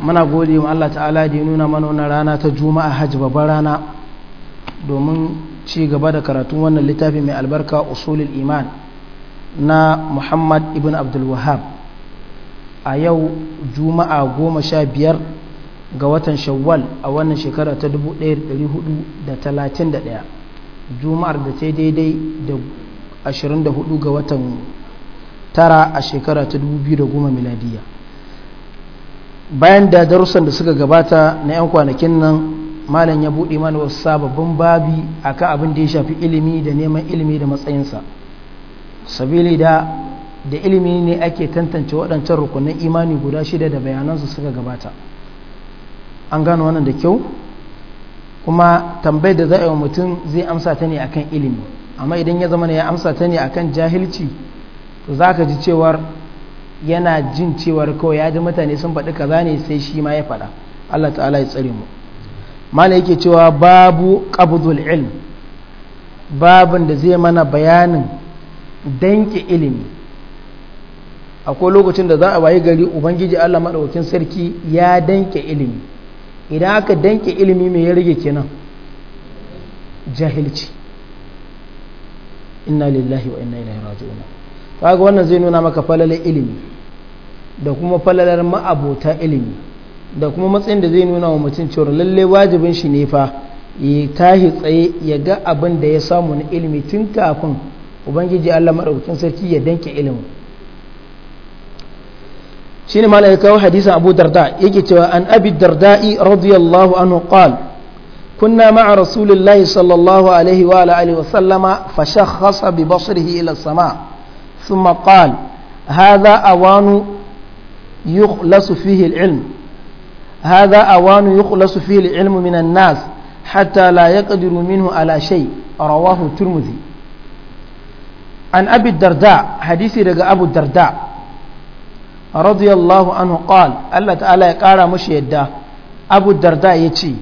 muna gode wa Allah ta'ala da ya nuna mana wannan rana ta juma'a hajj babban rana domin ci gaba da karatun wannan littafi mai albarka usulul iman na muhammad ibn abdul wahab a yau juma'a goma sha biyar ga watan shawwal a wannan shekara ta 1431 juma'ar da ta daidai da 24 ga watan tara a shekara ta 2010 miladiyya bayan da darussan da suka gabata na 'yan kwanakin nan malam ya buɗe mana wasu sababbin babi a akan abin da ya shafi ilimi da neman ilimi da matsayinsa sabili da da ilimi ne ake tantance waɗancan rukunin imani guda shida da bayanansu suka gabata an gano wannan da kyau kuma tambayar da za a yi wa mutum zai amsa ta ne akan ilimi amma idan ya zama ya amsa ta ne akan jahilci to za ka ji cewar yana jin cewar kawai ya ji mutane sun faɗi kaza ne sai shi ma ya faɗa Allah ta'ala ya tsare mu mana yake cewa babu qabdul ilm babin da zai mana bayanin danke ilimi akwai lokacin da za a wayi gari ubangiji Allah madaukakin sarki ya danke ilimi idan aka danke ilimi mai ya rage kenan jahilci inna lillahi wa inna ilaihi raji'un kaga wannan zai nuna maka falalar ilimi da kuma falalar ma'abota ilimi da kuma matsayin da zai nuna wa mutum cewa lalle wajibin shi ne fa ya tahi tsaye ya ga abin da ya samu na ilimi tun kafin ubangiji Allah madaukakin sarki ya danke ilimi. shine malai ya kawo hadisin Abu Darda yake cewa an Abi Darda'i radiyallahu anhu kunna كنا مع رسول الله صلى الله عليه وآله وسلم فشخص ببصره إلى السماء ثم قال هذا أوان يخلص فيه العلم هذا أوان يخلص فيه العلم من الناس حتى لا يقدر منه على شيء رواه الترمذي عن أبي الدرداء حديث رجاء أبو الدرداء رضي الله عنه قال الله تعالى قال مش يدا أبو الدرداء يتشي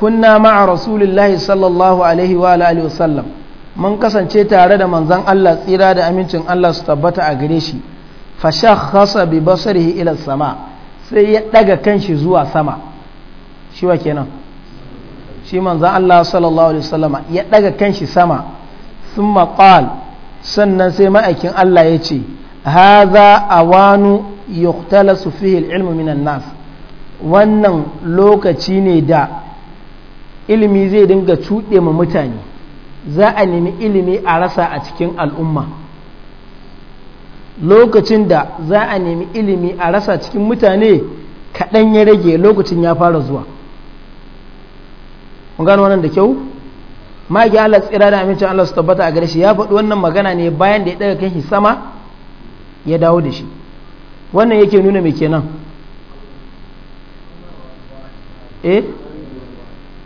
كنا مع رسول الله صلى الله عليه وآله وسلم mun kasance tare da manzan Allah tsira da amincin Allah su tabbata a gare shi fashakhasa bi basarihi ila sama sai ya daga kanshi zuwa sama shi wa kenan shi manzan Allah sallallahu alaihi wasallama ya daga kanshi sama thumma qal sannan sai ma'aikin Allah ya ce hadha awanu yuhtalasu fihi al-ilmu minan nas wannan lokaci ne da ilimi zai dinga cuɗe ma mutane za a nemi ilimi a rasa a cikin al'umma lokacin da za a nemi ilimi a rasa cikin mutane kaɗan ya rage lokacin ya fara zuwa mun gano wannan da kyau magi Allah tsira da amincin Allah su tabbata a gare ya faɗi wannan magana ne bayan da ya ɗaga kai sama ya dawo da shi wannan yake nuna mai kenan eh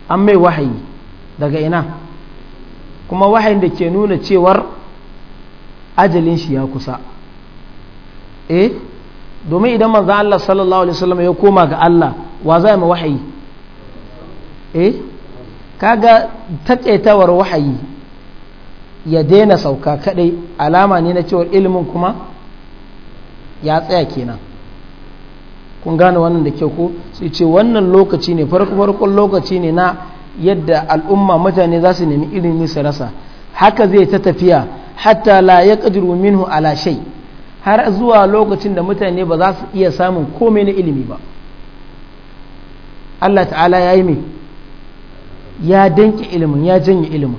an mai wahayi daga ina kuma wahayin da ke nuna cewar ajalin shi ya kusa eh domin idan manzo Allah sallallahu alaihi wasallam ya koma ga Allah wa za mu wahayi eh kaga taƙaitawar wahayi ya daina sauka kadai alama ne na cewar ilimin kuma ya tsaya kenan kun gane wannan da kyau ko sai ce wannan lokaci ne farko farkon lokaci ne na yadda al'umma mutane za su nemi ilimi su rasa haka zai ta tafiya hatta la ya minhu ala shai har zuwa lokacin da mutane ba za su iya samun komai na ilimi ba Allah ta'ala ya yi mai ya danke ilimin ya janye ilimin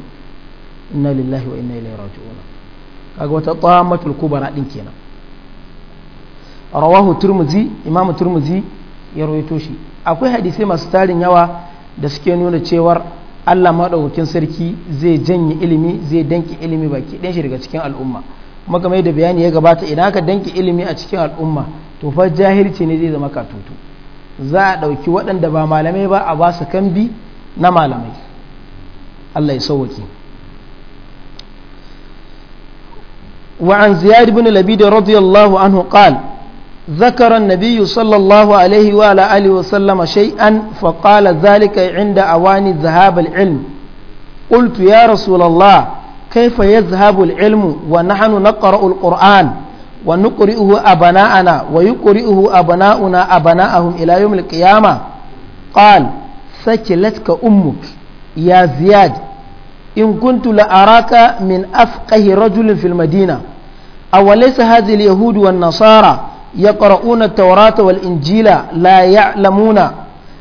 inna lillahi wa inna ilaihi raji'un kaga wata tamatul na din kenan rawahu turmuzi imamu turmuzi ya rawaito shi akwai hadisai masu tarin yawa da suke nuna cewar Allah maɗaukakin sarki zai janye ilimi zai danke ilimi baki ɗan shi daga cikin al'umma kuma game da bayani ya gabata idan aka danki ilimi a cikin al'umma to fa jahilci ne zai zama katutu za a ɗauki waɗanda ba malamai ba a basu su kambi na malamai Allah ya sauwaki وعن زياد بن لبيد رضي الله عنه قال ذكر النبي صلى الله عليه وعلى آله وسلم شيئا فقال ذلك عند أواني ذهاب العلم قلت يا رسول الله كيف يذهب العلم ونحن نقرأ القرآن ونقرئه أبناءنا ويقرئه أبناؤنا أبناءهم إلى يوم القيامة قال ثكلتك أمك يا زياد إن كنت لأراك من أفقه رجل في المدينة أوليس هذه اليهود والنصارى يقرؤون التوراة والإنجيل لا يعلمون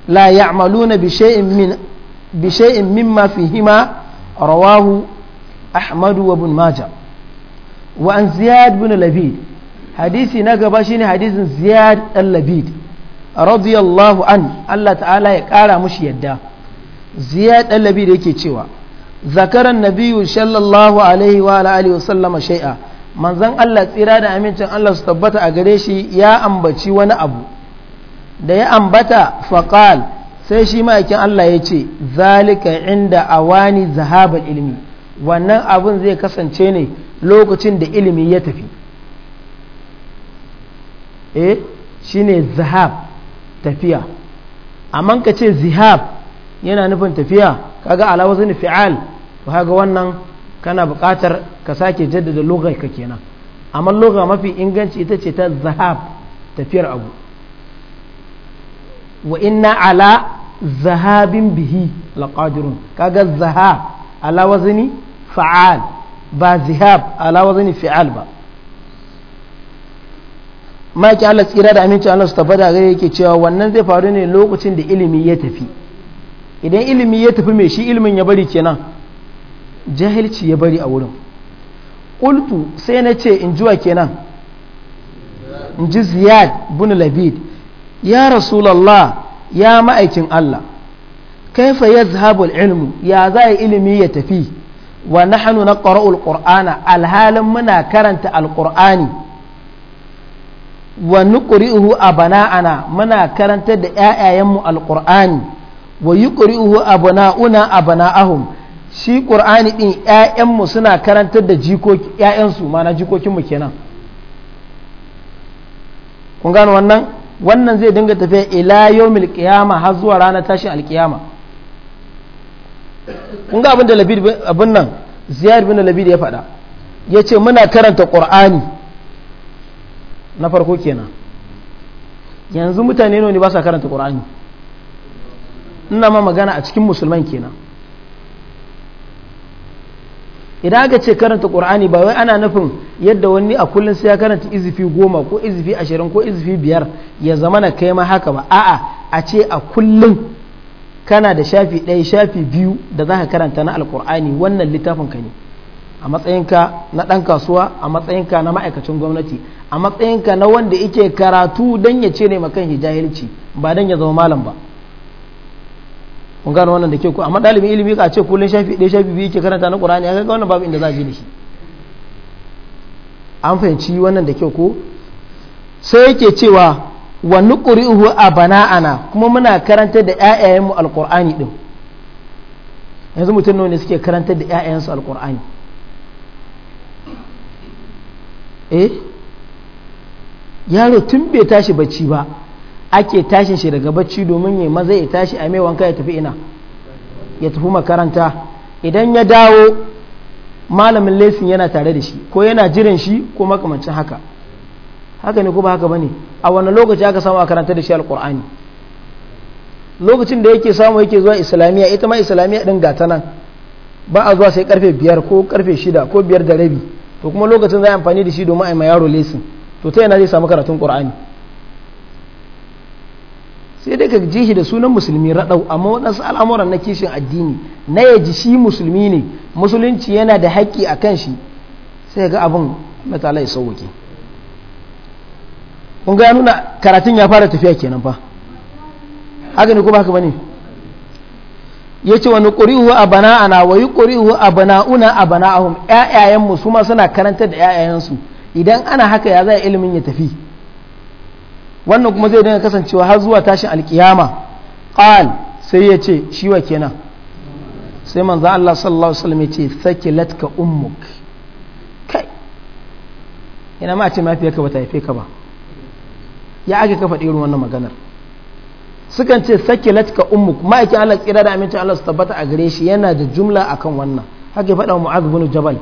لا يعملون بشيء من بشيء مما فيهما رواه أحمد وابن ماجه وعن زياد بن لبيد حديثي نقبا شيني حديث زياد اللبيد رضي الله عنه الله تعالى يقال مش يدا زياد اللبيد يكي تشوى ذكر النبي صلى الله عليه وعلى آله وسلم شيئا manzan Allah tsira da amincin Allah su tabbata a gare shi ya ambaci wani abu da ya ambata faƙal sai shi ma'aikin Allah ya ce zalika inda awani zahabar ilimi wannan abun zai kasance ne lokacin da ilimi ya tafi eh ne zahab tafiya amma ka ce zihab yana nufin tafiya kaga alawazin fi'al to kaga wannan kana buƙatar ka sake jaddada logar ka kenan amma loga mafi inganci ita ce ta zahab tafiyar abu wa inna ala zahabin bihi laqadirun kaga zahab ala wazni fa'al ba zihab ala wazni fi'al ba maki Allah tsira da aminci Allah su tabbata ga yake cewa wannan zai faru ne lokacin da ilimi ya tafi idan ilimi ya tafi mai shi ilimin ya bari kenan jahilci ya bari a wurin ƙultu sai na ce in wa kenan in ji ziyad bin labid ya rasulallah ya ma'aikin allah kaifa ya zahabul ilmu ya za a ilimi ya tafi wa nahnu na ƙara'ul ƙur'ana alhalin muna karanta alƙur'ani wa a bana'ana muna karantar da 'ya'yayenmu alƙur'ani wa bana'una a bana'ahun shi ƙur'ani ɗin ‘ya'yanmu suna karantar da jikoki ‘ya'yansu mana jikokinmu kenan kun gano wannan wannan zai dinga tafiya ila yawmil qiyama har zuwa ranar tashin alkiyama kun ga abin da labid abin nan ziyar bin labid ya faɗa ya ce muna karanta ƙur'ani na farko kenan yanzu mutane ne ba sa karanta ƙur'ani ina ma magana a cikin musulman kenan idan aka ce karanta qur'ani ba wai ana nufin yadda wani a kullum sai ya karanta izifi goma ko izifi ashirin ko izifi biyar ya zama na kai ma haka ba a'a a ce a kullum kana da shafi ɗaya shafi biyu da za ka karanta na alkur'ani wannan littafin ka ne a matsayinka na ɗan kasuwa a matsayinka na ma'aikacin gwamnati a matsayinka na wanda yake karatu don ya ce ne ma makan hijahilci ba don ya zama malam ba kun gano wannan da ke ku amma dalibin ilimi ka ce kullun shafi ɗaya shafi biyu ke karanta na qur'ani kaga wannan babu inda za a je da shi an fahimci wannan da ke ku sai yake cewa wa nuqri'uhu abana'ana kuma muna karanta da mu alqur'ani din yanzu mutum nawa ne suke karanta da su alqur'ani eh yaro tun bai tashi bacci ba ake tashin shi daga bacci domin ya maza ya tashi a mai wanka ya tafi ina ya tafi makaranta idan ya dawo malamin lesin yana tare da shi ko yana jiran shi ko makamancin haka haka ne ko ba haka bane a wani lokaci aka samu a karanta da shi alkur'ani lokacin da yake samu yake zuwa islamiyya ita ma islamiyya din gata nan ba a zuwa sai karfe biyar ko karfe shida ko biyar da rabi to kuma lokacin za a amfani da shi domin a yi ma yaro lesin to ta yana zai samu karatun qur'ani sai dai ka ji shi da sunan musulmi raɗau amma waɗansu al'amuran na kishin addini na ya ji shi musulmi ne musulunci yana da haƙƙi a kan shi sai ga abin matala ya sauwake kun ga nuna karatun ya fara tafiya kenan fa haka ne kuma haka bane ya ce wani ƙuri'u a bana'ana wa yi ƙuri'u a bana'una a bana'ahun ƴaƴayenmu su ma suna karanta da yayayansu idan ana haka ya za ilimin ya tafi wannan kuma zai dinga kasancewa har zuwa tashin alkiyama qal sai ya ce shi wa kenan sai manzo Allah sallallahu alaihi wasallam ya ce thakilatka ummuk kai ina ma ce ka ba ta haife ka ba ya aka ka faɗi irin wannan maganar sukan ce sakilatka ummuk ma'aikin Allah tsira da amincin Allah su tabbata a gare shi yana da jumla akan wannan haka ya faɗa Mu'adh bin Jabal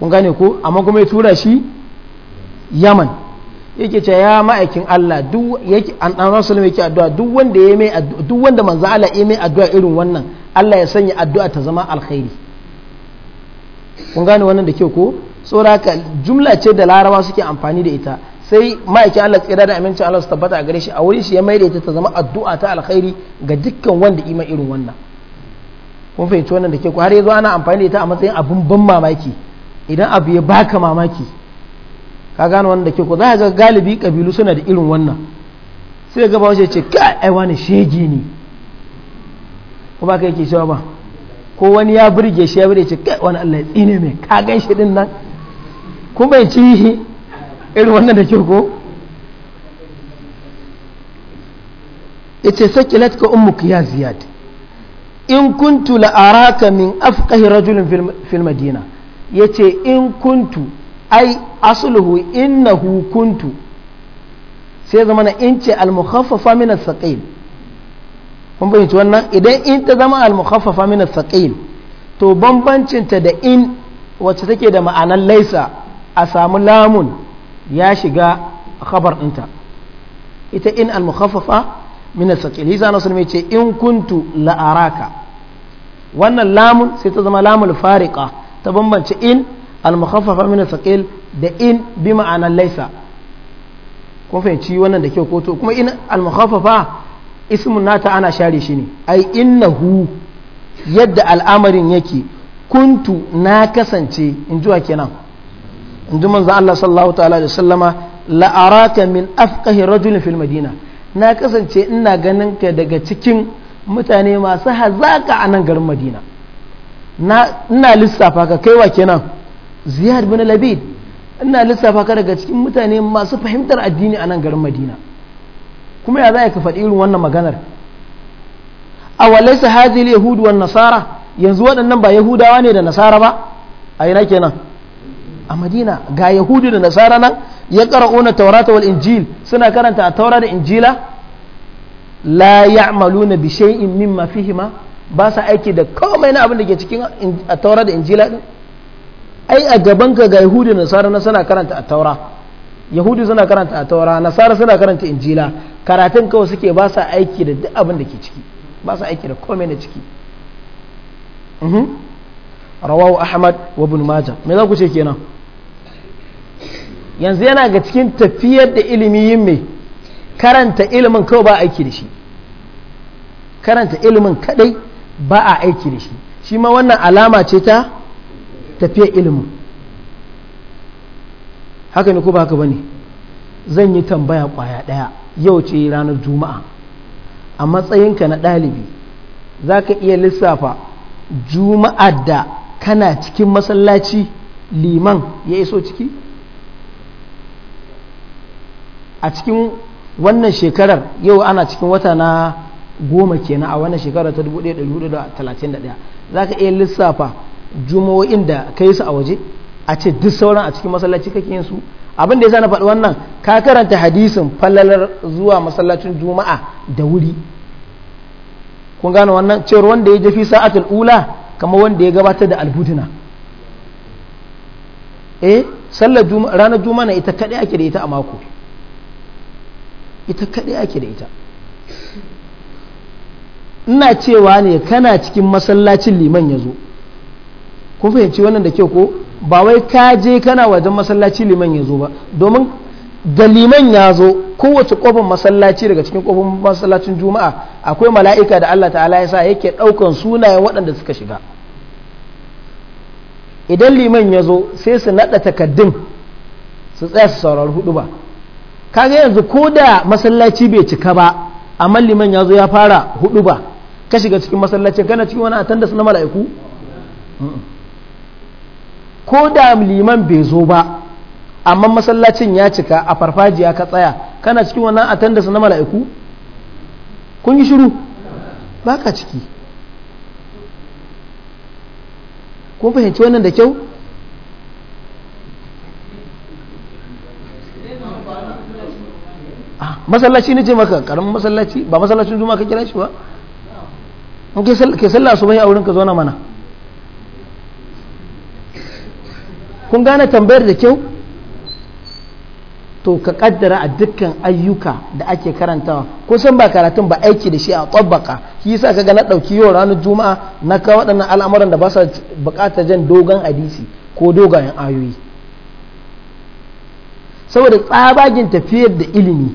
kun gane ko amma kuma ya tura shi Yaman yake ce ya ma'aikin Allah duk an dan rasul yake addu'a duk wanda ya mai duk wanda manzo Allah ya mai addu'a irin wannan Allah ya sanya addu'a ta zama alkhairi kun gane wannan da ke ko tsoraka jumla ce da larawa suke amfani da ita sai ma'aikin Allah tsira da amincin Allah su tabbata a gare shi a wurin shi ya mai da ita ta zama addu'a ta alkhairi ga dukkan wanda ima irin wannan kun fahimci wannan da ke ko har yanzu ana amfani da ita a matsayin abun ban mamaki idan abu ya baka mamaki ka gane wanda ke ko za ga galibi kabilu suna da irin wannan sai gaba wace ce ka ai wani shege ne ko ba ka yake cewa ba ko wani ya burge shi ya burge ce kai wani Allah ya tsine mai ka gan shi din nan kun bai ci irin wannan da ke ko yace sakilat ka ummuk ya ziyad in kuntu la araka min afqahi rajulin fil madina yace in kuntu ai asluhu innahu kuntu sai zama na in ce al-mukhaffafa min as-saqil kun bayyana wannan idan in ta zama al-mukhaffafa min as-saqil to bambancin ta da in wacce take da ma'anar laisa a samu lamun ya shiga khabar ɗinta ita in al-mukhaffafa min as-saqil hisa nasu mai ce in kuntu la'araka wannan lamun sai ta zama lamul fariqa ta bambance in al-mukhaffafa min da in bi ma'anar laisa kun fahimci wannan da kyau ko to kuma in al-mukhaffafa nata ana share shi ne ai innahu yadda al'amarin yake kuntu na kasance in ji kenan in ji manzo Allah sallallahu ta'ala da sallama la'araka min afqahi rajulin fil madina na kasance ina ganin ka daga cikin mutane masu hazaka a nan garin madina ina lissafa ka kaiwa kenan ziyar bin labid ina lissafa ka daga cikin mutane masu fahimtar addini a nan garin madina kuma ya za ka faɗi irin wannan maganar a walaisa haji yahudu wan nasara yanzu waɗannan ba yahudawa ne da nasara ba a ina kenan a madina ga yahudu da nasara nan ya ona taurata wal injil suna karanta a taura da injila la ya'maluna bi shay'in mimma fihima ba sa aiki da komai na abin da ke cikin a taura da injila ai a gaban ka ga yahudi da nasara na suna karanta a taura yahudi suna karanta a taura nasara suna karanta injila karatun kawai suke ba sa aiki da duk abin da ke ciki ba sa aiki da komai na ciki mhm. rawahu ahmad wa ibn majah me za ku ce kenan yanzu yana ga cikin tafiyar da ilimi yin me karanta ilimin kawai ba aiki da shi karanta ilimin kadai ba a aiki da shi shi ma wannan alama ce ta tafiya ilimin haka ne ko ba haka bane zan yi tambaya kwaya daya yau ce ranar juma'a a matsayinka na ɗalibi za ka iya lissafa juma'a da kana cikin masallaci liman ya iso ciki a cikin wannan shekarar yau ana cikin wata na goma kenan a wannan shekarar ta 1431 za ka iya lissafa jumo'in da ka yi su a waje a ce duk sauran a cikin masallaci kake yin su abin da ya na faɗi wannan ka karanta hadisin fallalar zuwa masallacin juma'a da wuri kun gane wannan cewar wanda ya jafi sa'atul ula kamar wanda ya gabatar da albuduna eh sallar ranar juma'a ita kaɗai ake da ita a mako ita kaɗai ake da ita ina cewa ne kana cikin masallacin liman ya zo kun fahimci wannan da kyau ko ba wai ka je kana wajen masallaci liman ya zo ba domin da liman ya zo kowace kofin masallaci daga cikin kofin masallacin juma'a akwai mala'ika da Allah ta'ala ya sa yake ɗaukan sunayen waɗanda suka shiga idan liman ya zo sai su naɗa takaddun su tsaya su saurari hudu ba kaga yanzu ko da masallaci bai cika ba amma liman ya zo ya fara hudu ba ka shiga cikin masallacin kana cikin wani atan da su na mala'iku ko da liman bai zo ba amma masallacin ya cika a farfajiya ka tsaya kana cikin wannan attendance na mala'iku kun yi shiru ba ka ciki kun fahimci wannan da kyau ah, masallaci ne ce maka karamin masallaci ba masallacin zuma ka kira shi ba ke kai sallah su bai a wurin ka zo na mana kun gane tambayar da kyau to ka kaddara a dukkan ayyuka da ake karantawa kusan ba karatun ba aiki da shi a tsabbaka shi yasa kaga na dauki yau ranar juma'a na kawo waɗannan al'amuran da ba sa buƙatar jan dogon hadisi ko dogayen ayoyi saboda tsabagin tafiyar da ilimi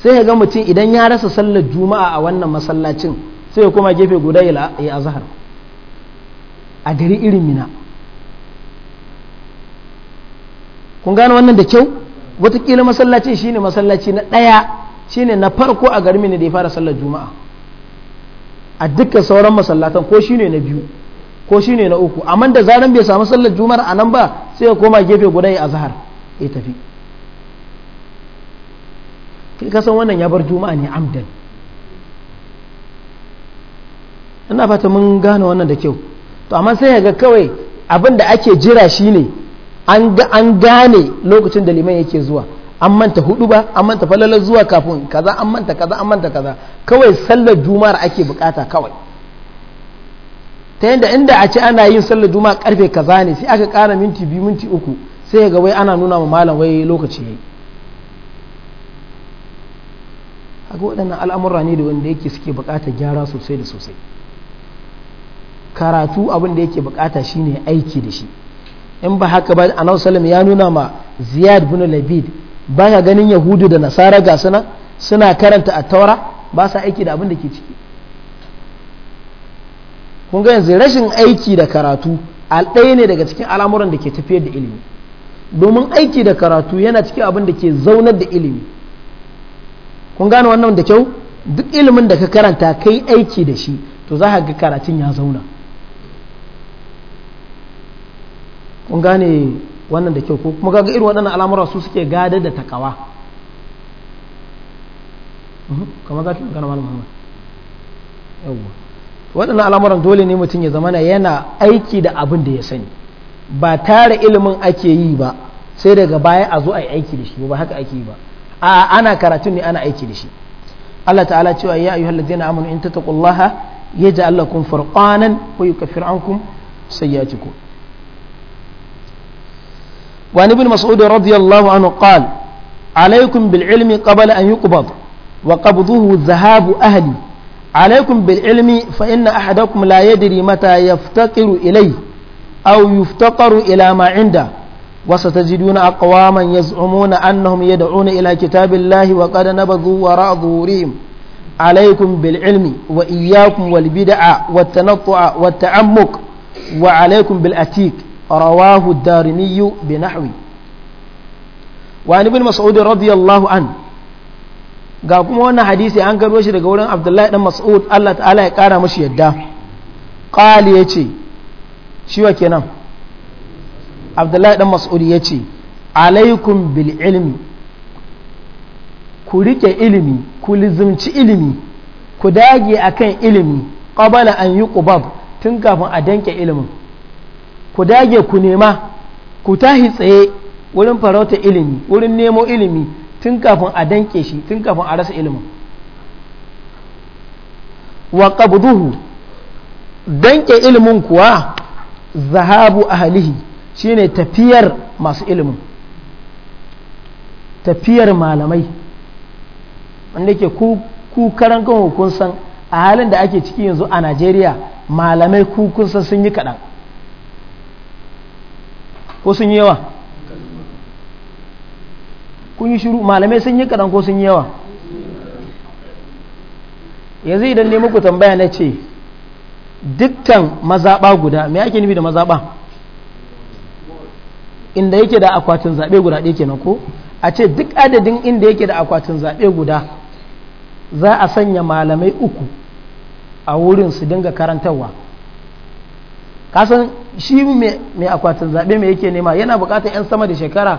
sai ga mutum idan ya rasa sallar juma'a a wannan masallacin sai ya koma gefe guda ya azhar a gari irin mina kun gane wannan da kyau watakila masallacin shine masallaci na ɗaya shine na farko a garin da ya fara sallar juma'a a dukkan sauran masallatan ko shine na biyu ko shine na uku amma da zaran bai samu sallar juma'ar a nan ba sai ya koma gefe guda ya azhar ya tafi kai ka wannan ya bar juma'a ne amdan ina fata mun gane wannan da kyau to amma sai ya ga kawai abin da ake jira shine an gane lokacin da liman yake zuwa an manta hudu ba an manta falalar zuwa kafin kaza an manta kaza an manta kaza kawai sallar juma'ar ake bukata kawai ta yadda inda a ce ana yin sallar juma'ar karfe kaza ne sai aka kara minti biyu minti uku sai ga wai ana nuna ma malam wai lokaci ne haka waɗannan al'amura ne da wanda yake suke bukatar gyara sosai da sosai karatu abin da yake bukata shine aiki da shi in ba haka ba a sallam ya nuna ma ziyad bin labid ba ka ganin yahudu da nasara ga suna suna karanta a taura ba sa aiki da abin da ke ciki kun yanzu rashin aiki da karatu a ɗaya ne daga cikin al'amuran da ke tafiyar da ilimi domin aiki da karatu yana cikin abin da ke zaunar da ilimi kun gane wannan da kyau duk ilimin da ka karanta kai aiki da shi to za ka ga karatun ya zauna kun gane wannan da kyau ko kuma kaga irin waɗannan al'amura su suke gada da takawa mhm. kamar za ki magana malam Muhammad yawwa waɗannan al'amuran dole ne mutum ya zama na yana aiki da abin da ya sani ba tare ilimin ake yi ba sai daga baya a zo a yi aiki da shi ba haka ake yi ba a ana karatun ne ana aiki da shi Allah ta'ala cewa ya ayyuhal ladzina amanu in tattaqullaha yaj'al lakum furqanan wa yukaffir ankum sayyi'atikum وعن ابن مسعود رضي الله عنه قال عليكم بالعلم قبل أن يقبض وقبضه ذهاب أهلي عليكم بالعلم فإن أحدكم لا يدري متى يفتقر إليه أو يفتقر إلى ما عنده وستجدون أقواما يزعمون أنهم يدعون إلى كتاب الله وقد نبذوا وراء ظهورهم عليكم بالعلم وإياكم والبدع والتنطع والتعمق وعليكم بالأتيك رواه الدارمي بنحو وعن ابن مسعود رضي الله عنه ga kuma wannan hadisi an karbo shi daga wurin abdullahi dan mas'ud Allah ta'ala ya kara mashi yadda qali yace shi wa kenan abdullahi dan mas'ud yace alaikum bil ilmi ku rike ilimi ku lizimci ilimi ku dage akan ilimi qabala an yuqbab tun kafin a danke ilimin ku dage ku nema ku tahi tsaye wurin farauta ilimi wurin nemo ilimi tun kafin a danke shi tun kafin a rasa ilimin wa qabduhu danke ilimin kuwa zahabu ahlihi shine tafiyar masu ilimin tafiyar malamai wanda ke ku karan kan kun san a halin da ake ciki yanzu a Najeriya malamai ku kun san sun yi kaɗan ko sun yawa kun yi shiru malamai sun yi kaɗan ko sun yawa yanzu idan ne muku tambaya na ce dukkan mazaɓa guda me ake nufi da mazaɓa inda yake da akwatin zaɓe guda ɗaya kenan ko a ce duk adadin inda yake da akwatin zaɓe guda za a sanya malamai uku a wurin su dinga karantarwa kasan shi mai akwatin zaɓe mai yake nema yana buƙatar 'yan sama da shekara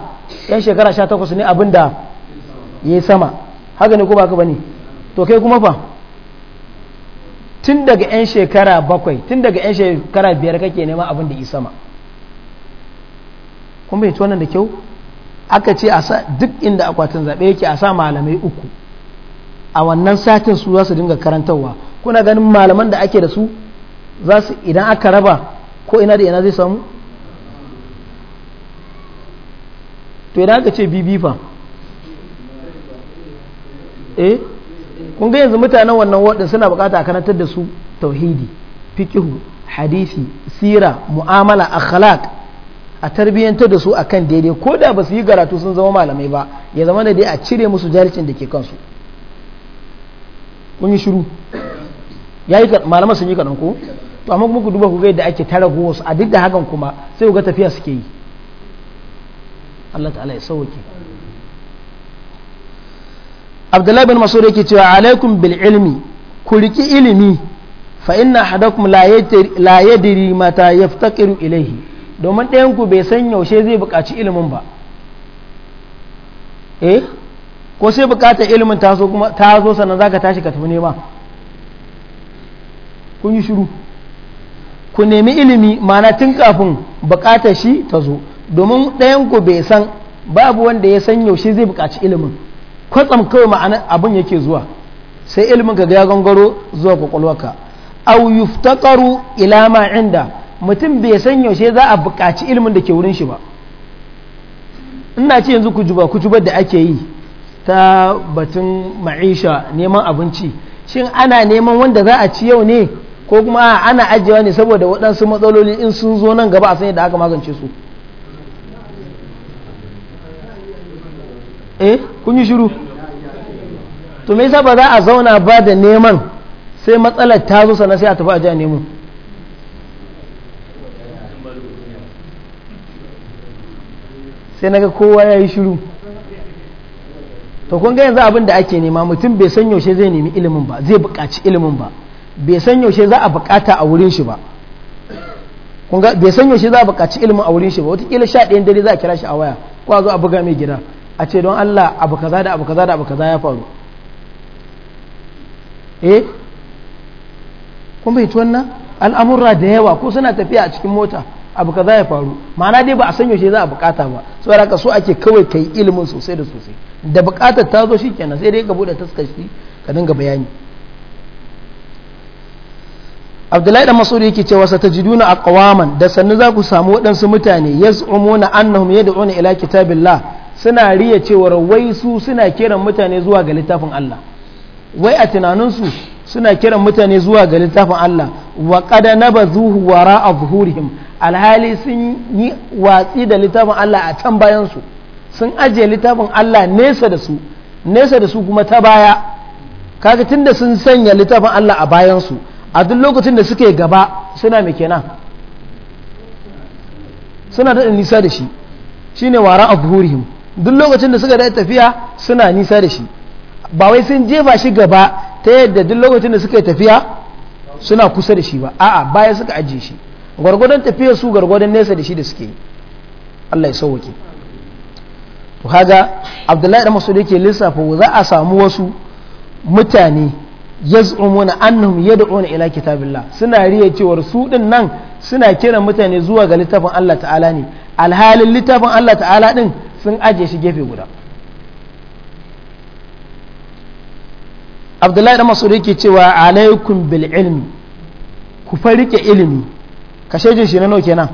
'yan shekara sha takwas ne abin da ya yi sama haka ne ko ba ka ba ne to kai kuma fa tun daga 'yan shekara bakwai tun daga 'yan shekara biyar kake nema abin da ya sama kun bai wannan da kyau aka ce duk inda akwatin zaɓe yake a sa malamai uku a wannan satin su za su dinga karantarwa kuna ganin malaman da ake da su za su idan aka raba ko ina da ina zai samu to idan aka ce bibi fa eh kun ga yanzu mutanen wannan wadin suna bukata a karantar da su tauhidi fikihu hadisi sira mu'amala akhlaq a tarbiyyantar da su akan daidai ko da ba su yi garatu sun zama malamai ba ya zama da dai a cire musu jahilcin da ke kansu kun yi shiru ya yi malaman sun yi kaɗan ko to amma kuma ku duba ku ga yadda ake tara wasu a duk da hakan kuma sai ku ga tafiya suke yi Allah ta'ala ya sauke Abdullahi bin Mas'ud yake cewa alaikum bil ilmi ku riki ilimi fa inna hadakum la yadri mata yaftaqiru ilaihi domin ɗayan ku bai san yaushe zai buƙaci ilimin ba eh ko sai buƙatar ilimin ta zo kuma ta sannan zaka tashi ka tafi ma kun yi shiru ku nemi ilimi mana tun kafin bukatar shi ta zo domin ɗayan ku bai san babu wanda ya san yaushe zai bukaci ilimin kwatsam kawai ma'ana abin yake zuwa sai ilimin ka gaya gangaro zuwa kwakwalwarka au yuftaqaru ila ma inda mutum bai san yaushe za a bukaci ilimin da ke wurin shi ba ina ce yanzu kujuba kujubar da ake yi ta batun ma'isha neman abinci shin ana neman wanda za a ci yau ne ko kuma ana ajiyewa ne saboda waɗansu matsaloli in sun zo nan gaba a sanya da aka magance su eh kun yi shiru to me yasa ba za a zauna ba da neman sai matsalar ta zo sannan sai a tafi a ja nemo sai naga kowa ya yi shiru to kun ga yanzu abin da ake nema mutum bai san yaushe zai nemi ilimin ba zai buƙaci ilimin ba bai san yaushe za a bukata a wurin shi ba kunga bai san yaushe za a bukaci ilimin a wurin shi ba wataƙila sha ɗayan dare za a kira shi a waya ko a zo a buga mai gida a ce don Allah abu kaza da abu kaza da abu kaza ya faru eh kun bai tuwanna al'amurra da yawa ko suna tafiya a cikin mota abu kaza ya faru ma'ana dai ba a san yaushe za a bukata ba saboda ka so ake kawai kai ilimin sosai da sosai da bukatar ta zo kenan sai dai ka bude taskar shi ka dinga bayani abdullahi da masudi yake cewa sa tajiduna kawaman da sannu za ku samu waɗansu mutane yaz'umuna annahum yad'una ila kitabillah suna riya cewa wai su suna kiran mutane zuwa ga littafin Allah wai a tunaninsu suna kiran mutane zuwa ga littafin Allah wa qada nabazuhu wara'a zuhurihim alhali sun yi watsi da littafin Allah a can bayan su sun ajiye littafin Allah nesa da su nesa da su kuma ta baya kaga tunda sun sanya littafin Allah a bayan su a duk lokacin da suke gaba suna mai kenan suna daɗin nisa da shi shine wara a buhurihim duk lokacin da suka daɗa tafiya suna nisa da shi ba wai sun jefa shi gaba ta yadda duk lokacin da suka yi tafiya suna kusa da shi ba a'a baya suka ajiye shi gwargwadon tafiya su gwargwadon nesa da shi da suke Allah ya sauwake to haga Abdullahi da da yake lissafa wa za a samu wasu mutane yaz'umuna annahum yad'una ila kitabillah suna riya cewar su din nan suna kiran mutane zuwa ga littafin Allah ta'ala ne alhalin littafin Allah ta'ala din sun aje shi gefe guda Abdullahi da Masudi yake cewa alaikum bil ilm ku farike ilimi ka shaidin shi na nawa kenan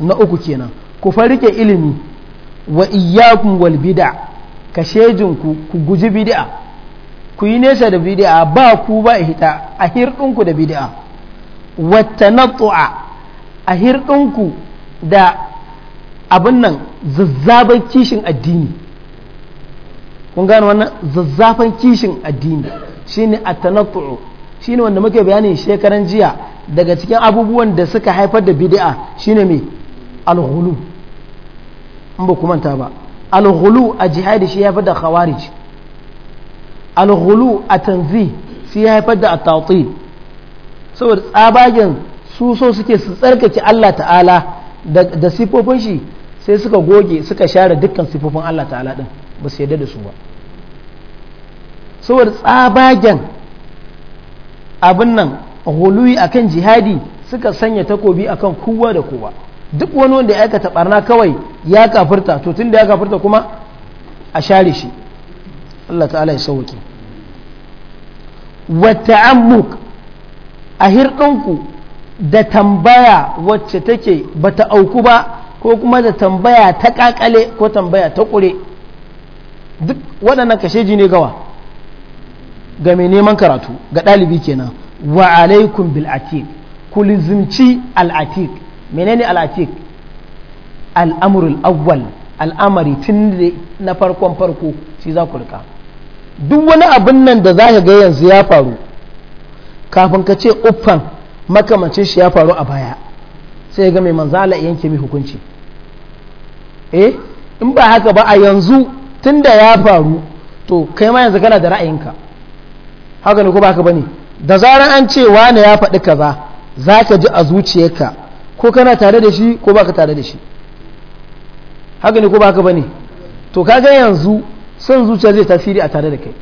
na uku kenan ku farike ilimi wa iyyakum wal bid'a ka shaidin ku ku guji bid'a ku yi nesa da bid'a ba ku ba hita a hirɗinku da bid'a wata natsu'a a hirɗinku da abin nan zazzafan kishin addini kun gano wannan zazzafan kishin addini shine at shi shine wanda muke bayani shekaran jiya daga cikin abubuwan da suka haifar da bid'a shine me al-ghulu in ba kuma ba al-ghulu a jihadi shi ya da khawarij alghulu a tanzi sai ya haifar da atawti saboda tsabagen su so suke su tsarkake Allah ta'ala da sifofin shi sai suka goge suka share dukkan sifofin Allah ta'ala din ba su yarda da su ba saboda tsabagen abin nan huluyi akan jihadi suka sanya takobi akan kowa da kowa duk wani wanda ya aikata barna kawai ya kafirta to tun da ya kafirta kuma a share shi Allah ta'ala ya sauke wa ta'ammuk a hirɗinku da tambaya wacce take bata auku ba ko kuma da tambaya ta kakale ko tambaya ta ƙure duk waɗannan kasheji ne gawa ga mai neman karatu ga ɗalibi kenan wa alaikum bil atik ku al atik menene al atik amrul awwal al'amari tun na farkon farko shi za ku rika duk wani abin nan da za ka ga yanzu ya faru kafin ka ce uffan makamacin shi ya faru a baya sai ga mai manzala yanke mai hukunci eh in ba haka ba a yanzu tunda ya faru to kai ma yanzu kana da ra'ayinka haka ne ko ba ba bane da zaran an ce wani ya faɗi kaza za ka ji a zuciyarka ko kana tare da shi ko ba ka tare da shi haka ne ko ba ba bane to kaga yanzu son zuciya zai tasiri a tare da kai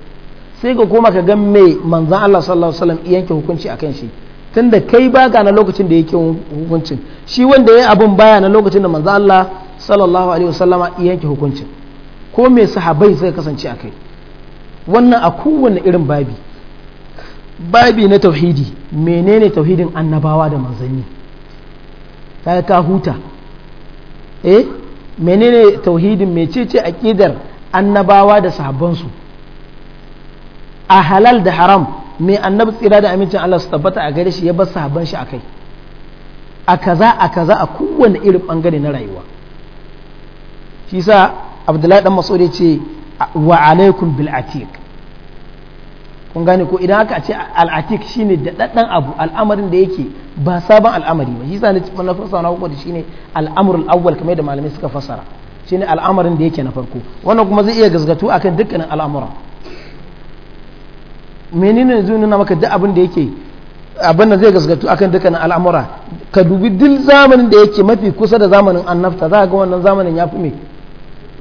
sai ka koma ka gan mai manzan Allah sallallahu alaihi wasallam yanke hukunci akan shi tunda kai ba baka na lokacin da yake hukuncin shi wanda ya abun baya na lokacin da manzan Allah sallallahu alaihi wasallam yanke hukuncin ko me sahabai sai kasance akai wannan a kowane irin babi babi na tauhidi menene tauhidin annabawa da manzanni ta ka huta eh menene tauhidin mecece akidar annabawa da sahabbansu a halal da haram mai annabi tsira da amincin Allah su tabbata a gare shi ya bar sahabban shi akai a kaza a kaza a kowane irin bangare na rayuwa shi sa abdullahi dan mas'ud ya ce wa alaikum bil atiq kun gane ko idan aka ce al atiq shine da daddan abu al'amarin da yake ba sabon al'amari ba shi sa na fassara na hukunta shine al amrul awwal kamar yadda malamai suka fassara shine al'amarin da yake na farko wannan kuma zai iya gazgatu akan dukkanin al'amura menene zai nuna maka duk abin da yake abin da zai gasgatu akan dukkanin al'amura ka dubi duk zamanin da yake mafi kusa da zamanin annabta za ga wannan zamanin ya fi me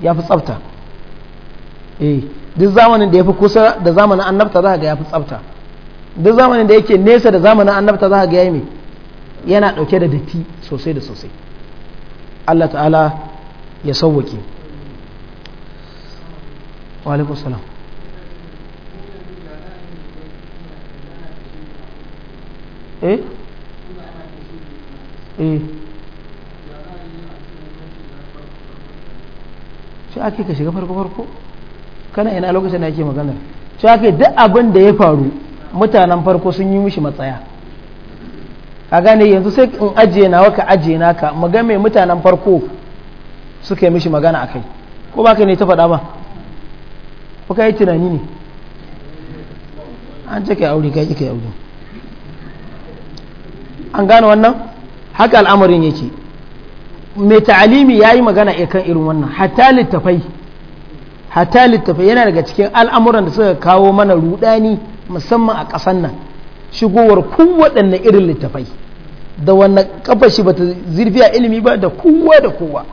ya fi tsafta eh duk zamanin da ya fi kusa da zamanin annabta za ga ya fi tsafta duk zamanin da yake nesa da zamanin annabta za ga ya yi me yana dauke da datti sosai da sosai Allah ta'ala ya sauwake salam eh? eh. shi ake ka shiga farko-farko kana ina lokacin da ake magana shi ake duk abin da ya faru mutanen farko sun yi mishi matsaya a gane yanzu sai in ajiye nawa ka ajiye naka maga mai mutanen farko suka yi mishi magana a kai ko ba ne ta faɗa ba ba ka yi tunani ne an ce aure ka yi ka yi aure an gane wannan haka al'amarin yake mai ta'alimi ya yi magana a kan irin wannan Hata littafai hata littafai yana daga cikin al'amuran da suka kawo mana rudani musamman a ƙasan nan shigowar kowaɗanne irin littafai da wannan kafashi shi ta zirfi a ilimi ba da kowa da kowa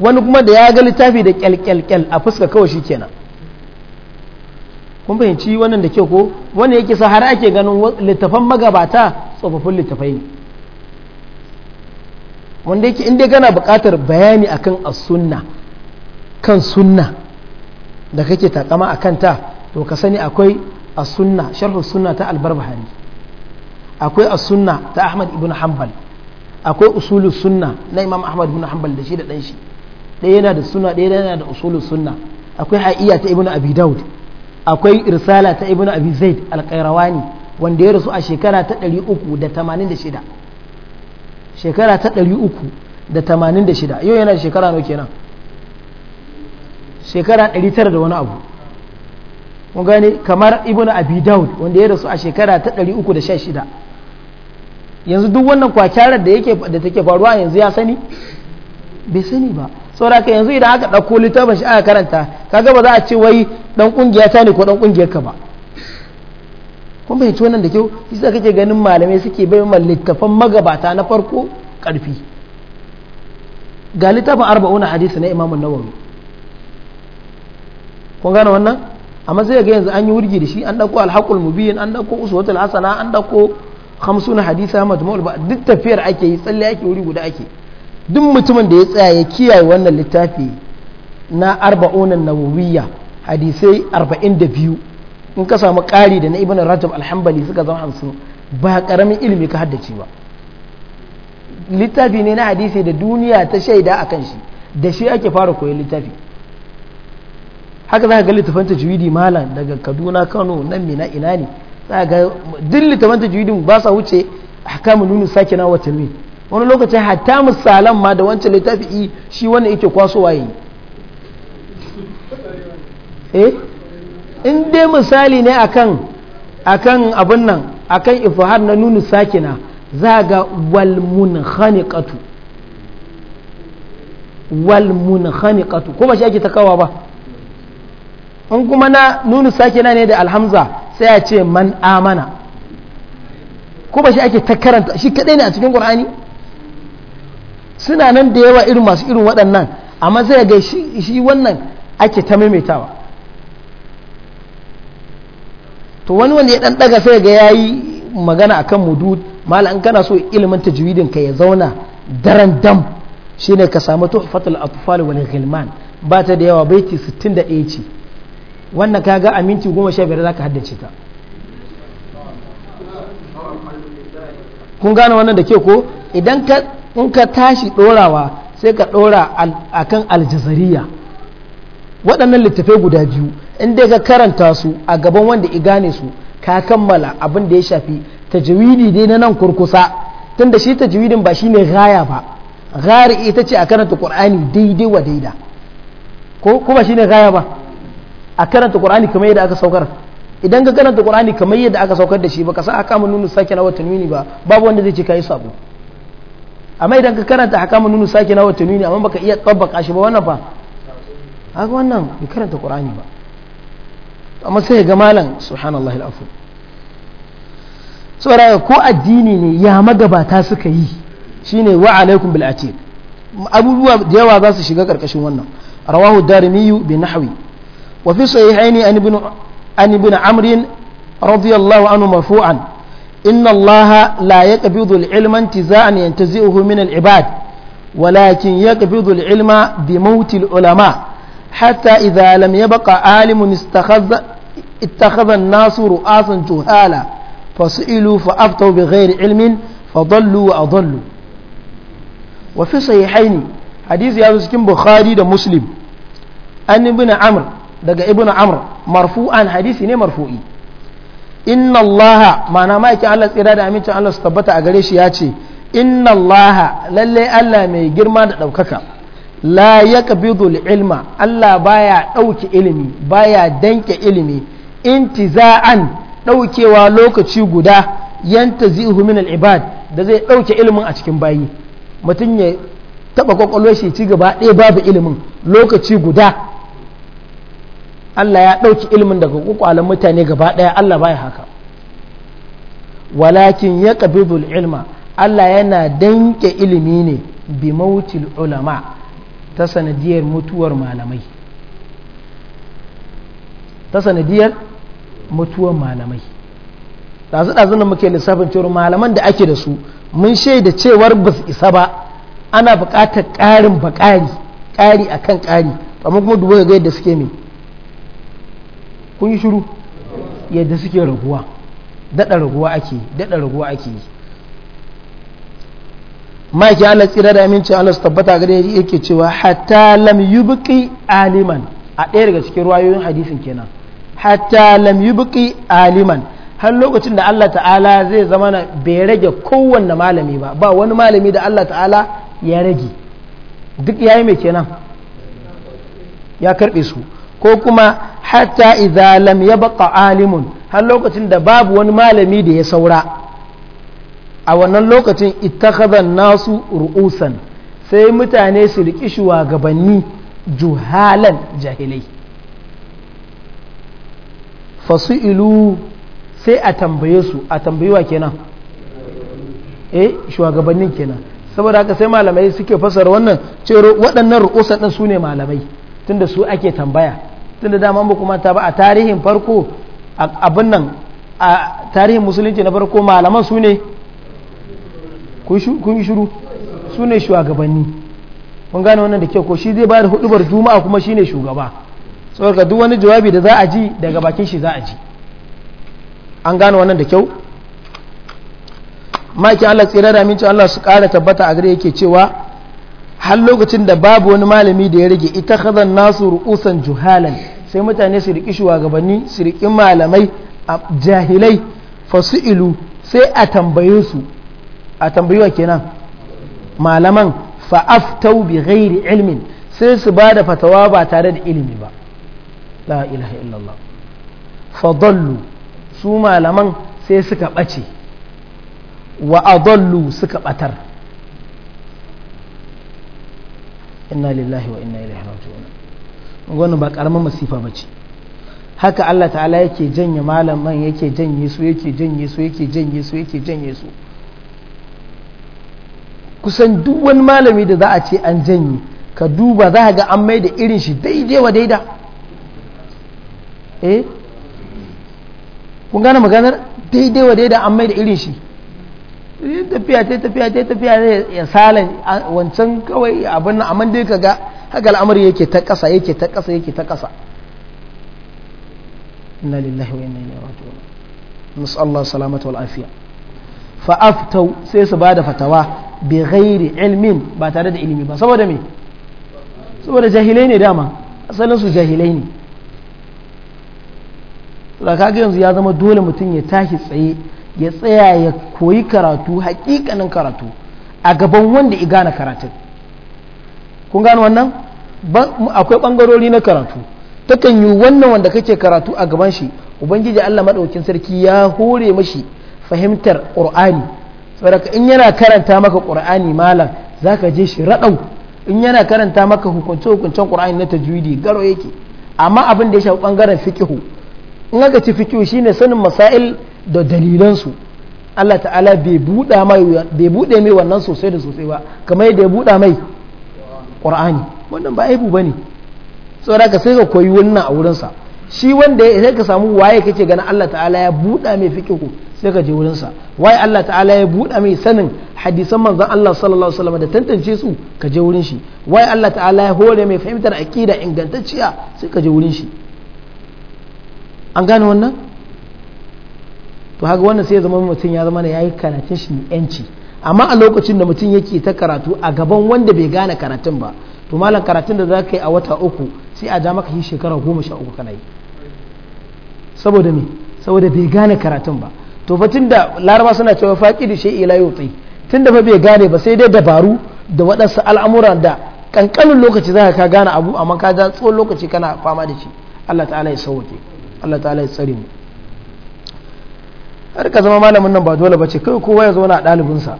wani kuma da ya ga littafi da kyalkyalkyal a fuska kawai shi kenan kun fahimci wannan da ke ko wani yake sa har ake ganin littafan magabata tsofaffin littafai ne wanda yake inda gana buƙatar bayani akan as-sunna kan sunna da kake takama a kanta to ka sani akwai as-sunna sharh sunna ta albar barbahari akwai as-sunna ta Ahmad ibn Hanbal akwai usulun sunna na Imam Ahmad ibn Hanbal da shi da dan shi ɗaya yana da suna ɗaya yana da usulun sunna akwai ha'iya ta ibnu abi daud akwai irsala ta ibnu abi zaid al-qayrawani wanda ya rasu a shekara ta 386 shekara ta 386 yau yana da shekara nawa kenan shekara 900 da wani abu mun gane kamar ibnu abi daud wanda ya rasu a shekara ta 316 yanzu duk wannan kwakyarar da yake da take faruwa yanzu ya sani bai sani ba saboda ka yanzu idan aka ɗauko littafin shi aka karanta kaga ba za a ce wai ɗan ƙungiya ta ne ko ɗan kungiyar ka ba kun fahimci wannan da kyau shi sa kake ganin malamai suke bai ma littafan magabata na farko karfi ga littafin arba'una hadisi na imamun nawawi kun gane wannan amma sai ga yanzu an yi wurgi da shi an ɗauko alhaƙul mubiyin an ɗauko uswatul hasana an ɗauko hamsuna hadisa majmu'ul ba duk tafiyar ake yi tsalle ake wuri guda ake duk mutumin da ya tsaya ya kiyaye wannan littafi na arba'unan nawawiyya hadisai arba'in da biyu in ka samu ƙari da na ibn rajab alhambali suka zama hansu ba ƙaramin ilimi ka haddace ba littafi ne na hadisi da duniya ta shaida a kan shi da shi ake fara koyon littafi haka za ka ga littafin juwidi malam daga kaduna kano nan mina ina ne za a ga duk littafin juwidi ba sa wuce a kamun nuna sake na watanni. wani lokacin hatta misalan ma da wancan littafi shi wanda yake kwaso waye eh in dai misali ne akan akan abin nan akan ifhar na nuni sakina za ga wal munkhaniqatu wal munkhaniqatu ko ba shi ake takawa ba in kuma na nuni sakina ne da alhamza sai a ce man amana ko ba shi ake ta karanta shi kadai ne a cikin qur'ani suna nan da yawa irin masu irin waɗannan amma zai ga shi wannan ake ta maimaitawa to wani wanda ya ɗan ɗaga sai ga ya yi magana akan mudu mala an kana so ilimin tajwidin ka ya zauna daren dam shine ka samu tuhfatul atfal wal ghilman ba ta da yawa baiti 61 ce wannan kaga a minti 15 zaka haddace ta kun gane wannan da ke ko idan ka in ka tashi ɗorawa sai ka ɗora a kan aljazariya waɗannan littafai guda biyu inda ka karanta su a gaban wanda i gane su ka kammala abin da ya shafi tajwidi dai na nan kurkusa tunda shi tajwidin ba shi ne gaya ba gari ita ce a karanta ƙur'ani daidai wa daida ko ba shi ne gaya ba a karanta ƙur'ani kamar yadda aka saukar idan ka karanta ƙur'ani kamar yadda aka saukar da shi ba ka sa aka mun nuna sake na watan ba babu wanda zai ce yi sabo amma idan ka karanta hakamu nunu sake na wata nuni amma baka iya tabbaka shi ba wannan fa haka wannan bai karanta qur'ani ba amma sai ga malam subhanallahi alazim saboda ko addini ne ya magabata suka yi shine wa alaikum bil atiq abubuwa da yawa za su shiga karkashin wannan rawahu darimiyu bi nahwi wa fi sahihaini an ibn an ibn amr radiyallahu anhu marfu'an إن الله لا يقبض العلم انتزاعا ينتزعه من العباد ولكن يقبض العلم بموت العلماء حتى إذا لم يبقى عالم استخذ اتخذ الناس رؤاسا جهالا فسئلوا فأفتوا بغير علم فضلوا وأضلوا وفي صحيحين حديث يا سكين بخاري ده مسلم أن ابن عمرو دقى ابن عمرو مرفوعا حديث مرفوعي inna allaha ma'ana ma'aikin Allah tsira da amincin Allah su tabbata a gare shi ya ce inna allaha lalle Allah mai girma da ɗaukaka la ya ilma Allah baya ɗauke ilimi baya danke ilimi intiza'an ɗaukewa lokaci guda yanta zihu min ibad da zai ɗauke ilimin a cikin bayi mutum ya taɓa kwakwalwar shi ci gaba ɗaya babu ilimin lokaci guda Allah ya ɗauki ilimin daga kwakwalen mutane gaba ɗaya Allah baya haka walakin ya ƙabibul ilma Allah yana danƙe ilimi ne bi mautil ulama ta sanadiyar mutuwar malamai ta sanadiyar mutuwar malamai ɗazu ɗazu na muke lissafin cewar malaman da ake da su mun shaida cewar ba isa ba ana buƙatar ƙarin baƙari ƙari akan ƙari amma kuma dubo ga yadda suke mai kun yi shiru yadda suke raguwa daɗa raguwa ake daɗa raguwa ake yi maki Allah tsira da amincin Allah su tabbata gare yake cewa hatta lam yubqi aliman a ɗaya daga cikin ruwayoyin hadisin kenan hatta lam yubqi aliman har lokacin da Allah ta'ala zai zama na bai rage kowanne malami ba ba wani malami da Allah ta'ala ya rage duk yayi mai kenan ya karɓe su ko kuma hatta idza lam yabqa alimun har lokacin da babu wani malami da ya saura a wannan lokacin ittakhadha nasu ru'usan sai mutane su riki shugabanni juhalan jahilai fasu'ilu sai a tambaye su a tambayewa kenan eh shugabannin kenan saboda haka sai malamai suke fasara wannan cewa waɗannan ru'usan ɗin su ne malamai tunda su ake tambaya tunda dama ba kuma ta ba a tarihin farko abin nan a tarihin musulunci na farko malaman su ne kun yi shuru su ne shugabanni kun gane wannan da kyau ko shi zai bayar hudubar juma'a kuma shi ne shugaba saboda duk wani jawabi da za a ji daga bakin shi za a ji an gane wannan da kyau maki Allah tsira da aminci Allah su kara tabbata a gare yake cewa har lokacin da babu wani malami da ya rage ita kazan nasu ru'usan juhalan sai mutane su riki shugabanni su riki malamai a jahilai fasu'ilu sai a tambaye su a tambayewa kenan malaman aftau bi ghairi ilmin sai su ba da fatawa ba tare da ilimi ba la ilaha illallah dallu su malaman sai suka ɓace wa adallu suka ɓatar inna lillahi wa inna ilaihi raji'un wannan ba karaman masifa bace haka Allah ta'ala yake janye malaman yake janye su yake janye su yake janye su yake janye su kusan duk wani malami da za a ce an janye ka duba za ga an mai da irin shi daidai wa daida eh kun gane maganar daidai wa daida an mai da irin shi Eh, tafiya ta tafiya ta tafiya ya salan wancan kawai abin nan amma dai ga haka al'amari yake ta ƙasa yake ta ƙasa yake ta ƙasa na lillahi wa inna ilaihi raji'un nas'allahu salamata wal afiya fa aftau sai su bada fatawa bi ghairi ilmin ba tare da ilimi ba saboda me saboda jahilai ne dama asalin su jahilai ne to kaga yanzu ya zama dole mutum ya tashi tsaye ya tsaya ya koyi karatu hakikanin karatu a gaban wanda ya gane karatun kun gane wannan akwai bangarori na karatu takan yi wannan wanda kake karatu a gaban shi ubangiji Allah maɗaukin sarki ya hore mashi fahimtar qur'ani saboda in yana karanta maka qur'ani malam za ka je shi raɗau in yana karanta maka hukunce hukuncen qur'ani na tajwidi garo yake amma abin da ya shafi bangaren fikihu in aka ci fikihu shine sanin masail da dalilansu Allah ta'ala bai buɗa mai bai buɗe mai wannan sosai da sosai ba kamar yadda ya buɗa mai Qur'ani wannan ba aibu bane saboda ka sai ka koyi wannan a wurinsa shi wanda ya sai ka samu waye kake ganin Allah ta'ala ya buɗa mai ku sai ka je wurinsa waye Allah ta'ala ya buɗa mai sanin hadisan manzon Allah sallallahu alaihi wasallam da tantance su ka je wurin shi waye Allah ta'ala ya hore mai fahimtar aqida ingantacciya sai ka je wurin shi an gane wannan to haka wannan sai ya zama mutum ya zama ya yi karatun shi yanci amma a lokacin da mutum yake ta karatu a gaban wanda bai gane karatun ba to malam karatun da za ka yi a wata uku sai a ja maka shi shekara goma sha uku kana yi saboda me saboda bai gane karatun ba to fa da laraba suna cewa faƙi da shi ila yau tun da fa bai gane ba sai dai dabaru da waɗansu al'amura da ƙanƙanin lokaci za ka gane abu amma ka ja tsohon lokaci kana fama da shi Allah ta'ala ya sauke Allah ta'ala ya tsare mu har ka zama malamin nan ba dole ba ce kai kowa ya zauna a ɗalibinsa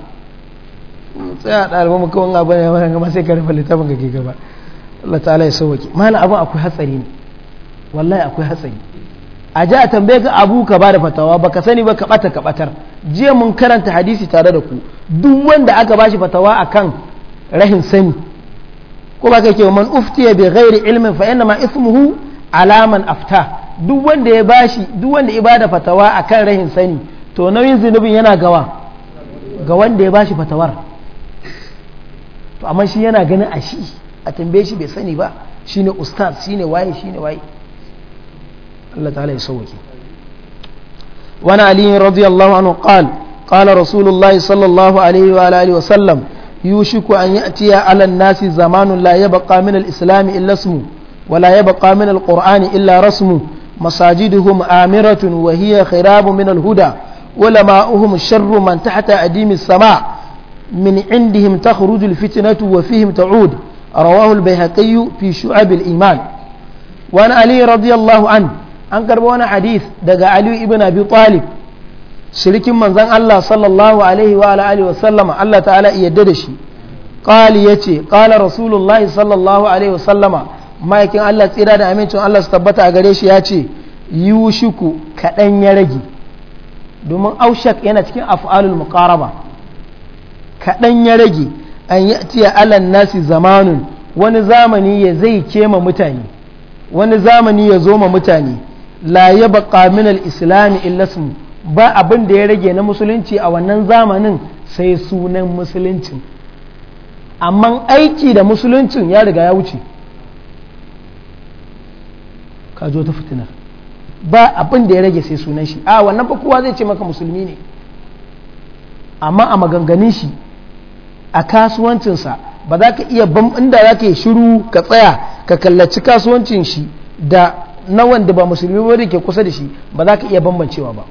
tsaya a ɗalibin mu kawai abin ya wani gama sai ka rufe littafin ka ke gaba Allah ta'ala ya sauwake malam abin akwai hatsari ne wallahi akwai hatsari a ji a tambaye ka abu ka ba da fatawa ba ka sani ba ka ɓata ka ɓatar jiya mun karanta hadisi tare da ku duk wanda aka bashi fatawa akan rahin sani ko ba ka ke man uftiya bi ghairi ilmin fa inna ma ismuhu alaman afta duk wanda ya bashi duk wanda ibada fatawa akan rahin sani to nauyin zunubin yana gawa ga wanda ya bashi fatawar to amma shi yana ganin a shi a tambaye shi bai sani ba shine ustaz shine waye ne waye Allah ta'ala ya sauke wani ali radiyallahu anhu qal qala rasulullahi sallallahu alaihi wa alihi wa sallam yushiku an ya'tiya ala nasi zamanun la yabqa min al-islam illa ismu wa la yabqa min al-qur'ani illa rasmu مساجدهم آمرة وهي خراب من الهدى ولماؤهم شر من تحت أديم السماء من عندهم تخرج الفتنة وفيهم تعود رواه البيهقي في شعب الإيمان وأنا علي رضي الله عنه أنكر وانا حديث دقى علي ابن أبي طالب شركين من زن الله صلى الله عليه وعلى آله وسلم الله تعالى يددشي قال يتي قال رسول الله صلى الله عليه وسلم ma'aikin Allah tsira da amincin Allah su tabbata a gare shi ya ce yushiku kaɗan ya rage domin aushak yana cikin af'alul muqaraba kaɗan ya rage an ya'tiya alan nasi zamanun wani zamani ya zai kema mutane wani zamani ya zo ma mutane la ya baqa min islami islam ba abin da ya rage na musulunci a wannan zamanin sai sunan musuluncin amma aiki da musuluncin ya riga ya wuce ka zo ta fitina ba abin da ya rage sai sunan shi a wannan ba kowa zai ce maka musulmi ne amma a maganganun shi a kasuwancinsa ba za ka iya bam inda za ka yi shiru ka tsaya ka kallaci kasuwancin shi da na wanda ba musulmi ba da ke kusa da shi ba za ka iya bambancewa ba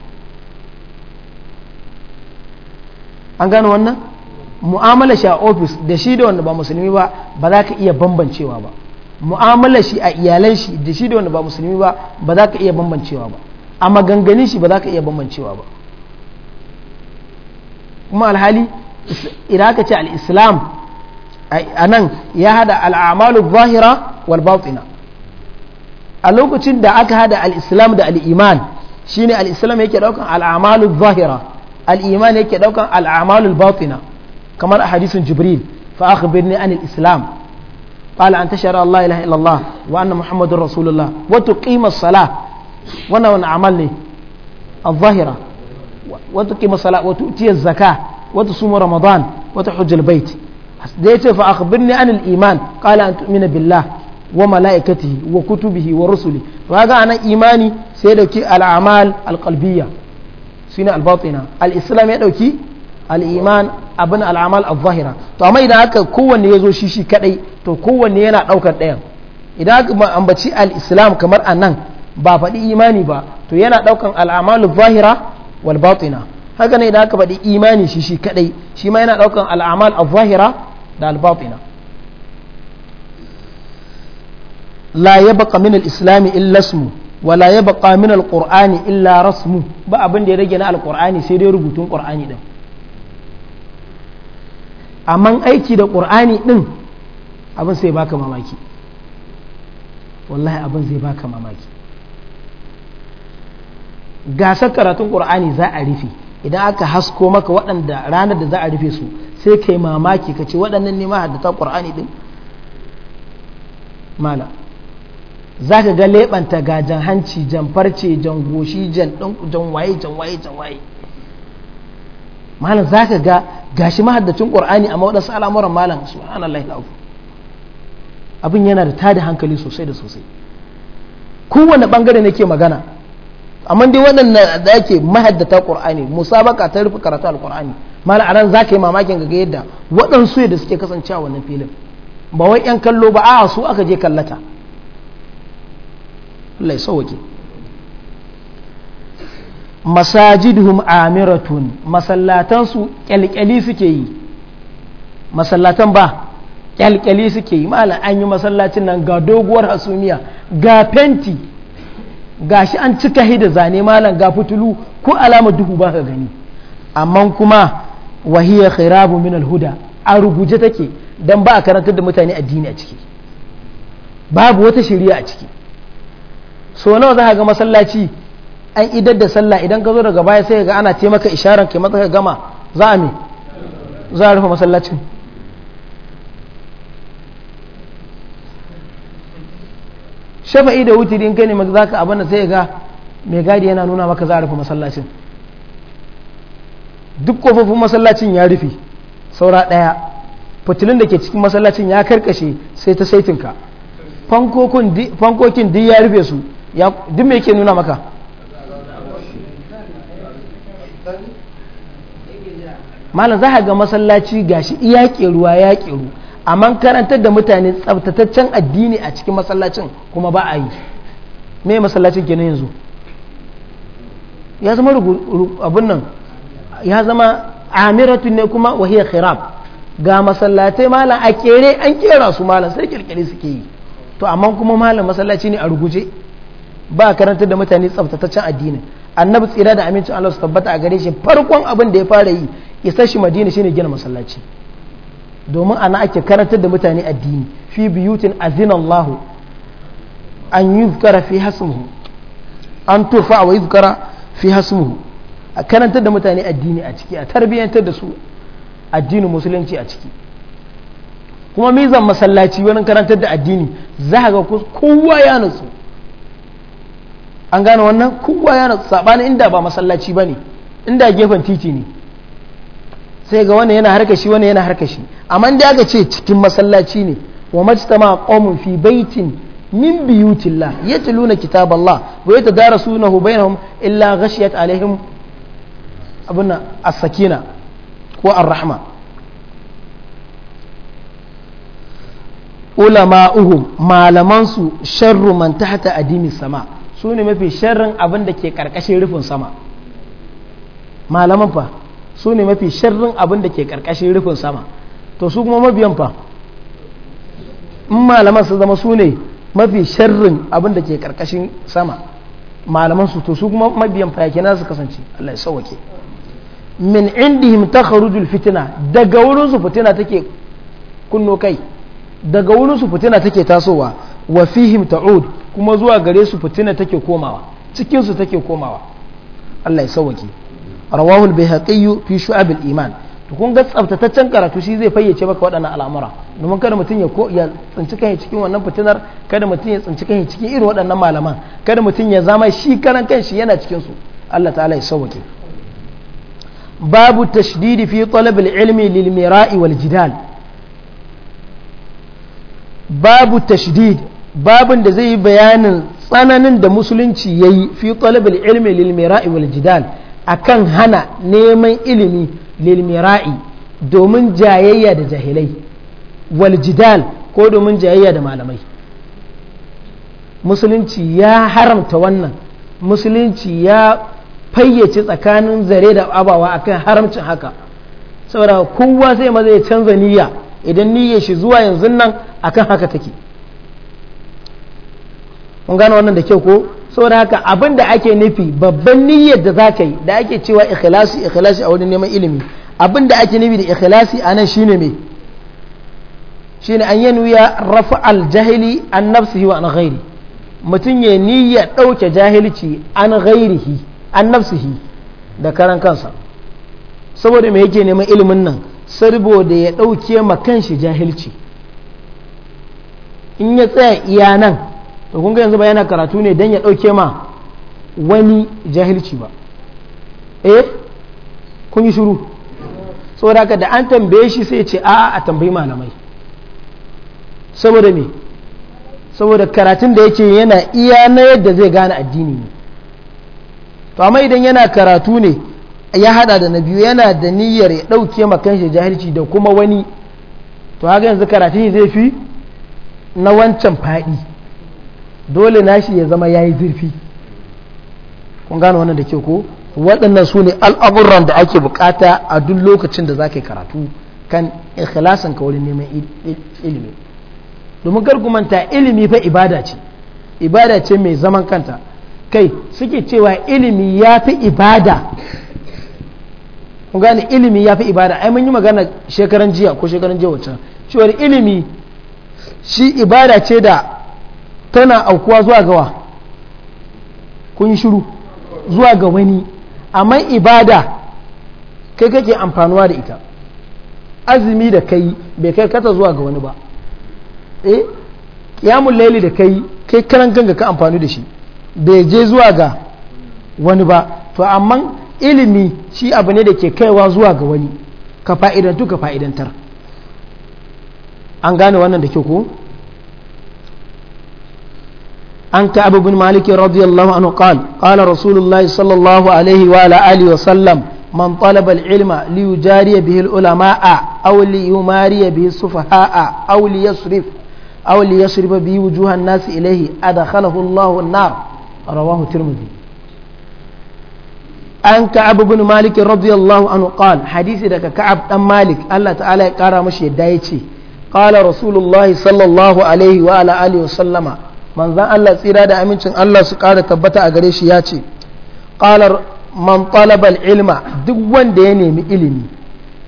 an gano wannan mu'amala shi a ofis da shi da wanda ba musulmi ba ba za ka iya bambancewa ba mu'amalar shi a iyalan shi da shi da wanda ba musulmi ba ba za ka iya bambancewa ba a maganganin shi ba za ka iya bambancewa ba kuma alhali idan aka ce al'islam a nan ya hada al'amalu zahira wal batina a lokacin da aka hada al'islam da al'iman shine al'islam yake daukan al'amalu zahira al'iman yake daukan al'amalu batina kamar a hadisin jibril fa akhbirni an al-islam قال أن تشهد الله إله إلا الله وأن محمد رسول الله وتقيم الصلاة وأنا عمل الظاهرة وتقيم الصلاة وتؤتي الزكاة وتصوم رمضان وتحج البيت ديت فأخبرني عن الإيمان قال أن تؤمن بالله وملائكته وكتبه ورسله فهذا أنا إيماني سيدك الأعمال القلبية سنة الباطنة الإسلام يدوكي الإيمان abin al'amal al-zahira to amma idan aka kowanne ya zo shi shi kadai to kowanne yana daukar ɗayan idan aka ambaci al-islam kamar anan ba faɗi imani ba to yana daukan al'amal al-zahira wal batina haka ne idan aka faɗi imani shi shi kadai shi ma yana daukan al'amal al-zahira da al-batina la yabqa min al-islam illa ismu wala yabqa min al-qur'ani illa rasmu ba abin da ya rage na al-qur'ani sai dai rubutun qur'ani din amma aiki da ƙur'ani ɗin abin sai baka mamaki wallahi abin zai baka mamaki gasar karatun ƙur'ani za a rufe idan aka hasko maka waɗanda ranar da za a rufe su sai kai mamaki ka ce waɗannan ne haddata ƙur'ani ɗin mala za ka ga leɓanta ga jan hanci jan farce jan goshi jan waye jan waye jan waye malam za ka ga gashi mahaddacin qur'ani amma waɗansu al'amuran malam subhanallahi al'azim abin yana da tada hankali sosai da sosai kowane bangare nake magana amma dai waɗannan da ake mahaddata qur'ani musabaka ta rufe karatu al-qur'ani malam aran za ka yi mamakin ga yadda waɗansu da suke kasancewa wannan filin ba wai 'yan kallo ba a su aka je kallata Allah ya sauwake masajidhum amiratun su kyalkyali suke yi masallatan ba kyalkyali suke yi mala an yi masallacin nan ga doguwar hasumiya ga fenti ga shi an cika hida zane malam ga fitulu ko alamar duhu ba ka gani amma kuma wahiyar khirabu min alhuda a rubuce take don ba a karantar da mutane addini a ciki babu wata shari'a a ciki so nawa za ka ga masallaci an idar da sallah idan ka zo daga baya sai ga ana taimaka isharar ke matsaka gama za a me za a rufe masallacin shafa'i da wutiri din kai ne za ka abin da sai ga mai gadi yana nuna maka za a rufe masallacin duk kofofin masallacin ya rufe saura ɗaya fitilun da ke cikin masallacin ya karkashe sai ta saitinka fankokin duk ya rufe su duk mai ke nuna maka malam za ga masallaci gashi iya ruwa ya ƙeru amma karantar da mutane tsabtataccen addini a cikin masallacin kuma ba a yi me masallacin kenan yanzu ya zama abun nan ya zama amiratun ne kuma wahiyar khirab ga masallatai malam a kere an kera su malam sai kirkiri suke yi to amma kuma malam masallaci ne a ruguje ba karantar da mutane tsabtataccen addini annabi tsira da amincin Allah su tabbata a gare shi farkon abin da ya fara yi isa shi madina shine gina masallaci domin ana ake karantar da mutane addini fi biyutin Allah an yi zukara fi hasmuhu an turfa wa yi zukara fi hasmuhu a karantar da mutane addini a ciki a tarbiyyantar da su addinin musulunci a ciki kuma mizan masallaci wani karantar da addini za a ga kowa ya nutsu an gane wannan kowa ya nutsu saɓanin inda ba masallaci ba ne inda gefen titi ne sai ga wannan yana harka shi wannan yana harka shi amma da aka ce cikin masallaci ne wa majtama qaumun fi baitin min buyutillah yatluna kitaballah wa yatadarasunahu bainahum illa ghashiyat alaihim abuna as-sakina ko ar-rahma ulama'uhum malamansu sharru man tahta adimi sama su mafi sharrin abin da ke karkashin rufin sama malaman fa su ne mafi sharrin abin da ke karkashin rufin sama to su kuma mabiyan fa in malaman su zama su ne mafi sharrin abin da ke karkashin sama malaman su to su kuma mabiyan fa yake na su kasance Allah ya sauke min indihim takharujul fitina daga wurin su fitina take kunno kai daga wurin su fitina take tasowa wa fihim ta'ud kuma zuwa gare su fitina take komawa cikin su take komawa Allah ya sauke rawahu al-bayhaqi fi shu'ab al-iman to kun ga tsaftataccen karatu shi zai fayyace maka waɗannan al'amura domin kada mutum ya ko ya tsinci kai cikin wannan fitinar kada mutum ya tsinci kai cikin irin waɗannan malaman kada mutum ya zama shi karan kanshi yana cikin su Allah ta'ala ya sauke babu tashdidi fi talab al-ilmi lil mira'i wal jidal babu tashdid babin da zai yi bayanin tsananin da musulunci yayi fi talab al-ilmi lil mira'i wal jidal akan hana neman ilimi lilmira'i domin jayayya da jahilai waljidal ko domin jayayya da malamai musulunci ya haramta wannan musulunci ya fayyace tsakanin zare da abawa akan haramcin haka saboda kowa sai maza canza niyya idan niyya shi zuwa yanzu nan akan haka take kun gane wannan da kyau ko saboda haka abin da ake nufi babban niyyar da za ka yi da ake cewa ikhlasi ikhlasi a wurin neman ilimi abin da ake nufi da ikhlasi a nan shine me shine an ya rafa aljahili an nafsihi wa an ghairi mutum ya niyya ɗauke jahilci an ghairihi an nafsihi da karan kansa saboda me yake neman ilimin nan saboda ya dauke ma kanshi jahilci in ya tsaya iya nan to kun ga yanzu ba yana karatu ne dan ya dauke ma wani jahilci ba eh kun yi shiru saboda haka da an tambaye shi sai ce a a tambayi malamai saboda me saboda karatun da yake yana iya na yadda zai gane addini ne to amma idan yana karatu ne ya hada da na biyu yana da niyyar ya dauke ma kanshi jahilci da kuma wani to haka yanzu karatun zai fi na wancan faɗi dole nashi ya zama ya yi zurfi kun gane wannan da ke ko waɗannan su ne al'aburran da ake bukata a duk lokacin da za ka yi karatu kan ikhlasan ka wurin neman ilimi domin gargumanta ilimi fa ibada ce ibada ce mai zaman kanta kai suke cewa ilimi ya fi ibada kun gane ilimi ya fi ibada ai mun yi magana shekaran jiya ko shekaran jiya wancan cewar ilimi shi ibada ce da tana aukuwa zuwa gawa kun shiru zuwa ga wani amma ibada kai kake amfanuwa da ita azumi da kai bai kai kata zuwa ga wani ba eh kiyamul laili da kai kai karan ganga ka amfani da shi bai je zuwa ga wani ba to amma ilimi shi abu ne da ke kaiwa zuwa ga wani ka fa'idantu ka fa'idantar an gane wannan da kyau ko عن كعب بن مالك رضي الله عنه قال قال رسول الله صلى الله عليه وعلى آله وسلم من طلب العلم ليجاري به العلماء أو ليماري به السفهاء أو ليصرف أو ليصرف به وجوه الناس إليه أدخله الله النار رواه الترمذي عن كعب بن مالك رضي الله عنه قال حديث ذاك كعب بن مالك الله تعالى قال مشي دايتي قال رسول الله صلى الله عليه وعلى آله وسلم manzan Allah tsira da amincin Allah su ƙara tabbata a gare shi ya ce ƙalar man talabal ilma duk wanda ya nemi ilimi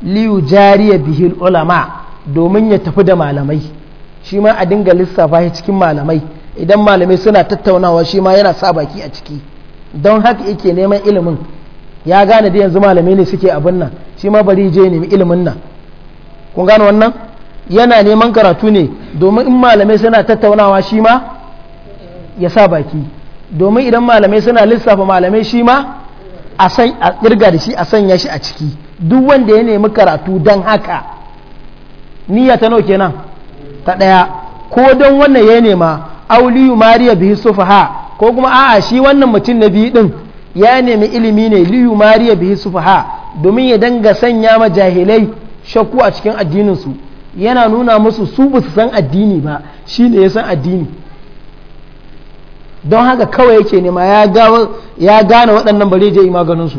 liyu jariya bihil ulama domin ya tafi da malamai shi ma a dinga lissafa shi cikin malamai idan malamai suna tattaunawa shi ma yana sa baki a ciki don haka yake neman ilimin ya gane da yanzu malamai ne suke abin nan shi ma bari je nemi ilimin nan kun gane wannan yana neman karatu ne domin in malamai suna tattaunawa shi ma ya sa baki domin idan malamai suna lissafa malamai shi ma a kirga da shi a sanya shi a ciki duk wanda ya nemi karatu don haka niyya ta nauke nan ta ɗaya ko don wannan ya nema auliyu mariya bihi sufaha ko kuma a'a shi wannan mutum na biyu din ya nemi ilimi ne liyu mariya bihi sufaha domin ya danga sanya ma jahilai shakku a cikin addininsu yana nuna musu su ba su san addini ba shi ne ya san addini don haka kawai yake nema ya gane waɗannan bari je maganin su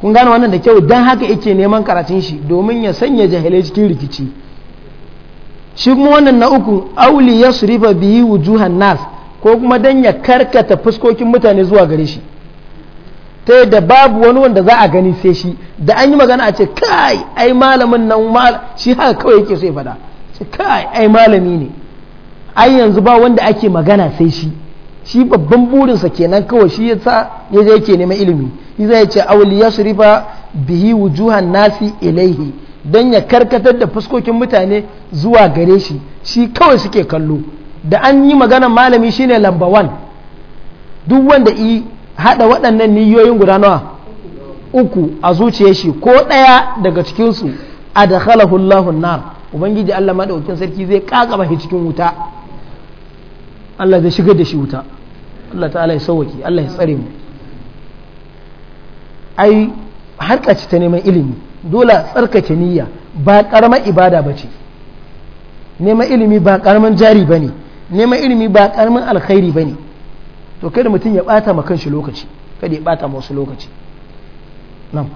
kun gane wannan da kyau don haka yake neman karatun shi domin ya sanya jahilai cikin rikici shi kuma wannan na uku auli ya surifa biyi wujuhan nas ko kuma don ya karkata fuskokin mutane zuwa gare shi ta yadda babu wani wanda za a gani sai shi da an yi magana a ce kai ai malamin nan shi haka kawai yake so ya faɗa kai ai malami ne ai yanzu ba wanda ake magana sai shi shi babban burinsa kenan kawai shi yasa ya je yake neman ilimi shi zai ce awli yasrifa bihi wujuhan nasi ilaihi dan ya karkatar da fuskokin mutane zuwa gare shi shi kawai suke kallo da an yi magana malami shine lamba 1 duk wanda i hada waɗannan niyoyin guda nawa uku a zuciyar shi ko ɗaya daga cikinsu a da allahun nar ubangiji allah maɗaukin sarki zai kakaba shi cikin wuta Allah zai shigar da shi wuta Allah ta'ala ya sauwaki Allah ya tsare mu ai harka ce ta neman ilimi dole tsarkake niyya ba karamar ibada ba ce neman ilimi ba karamin jari ba ne neman ilimi ba karamin alkhairi ba ne to kada mutum ya bata ma kanshi lokaci kada ya bata ma wasu lokaci nan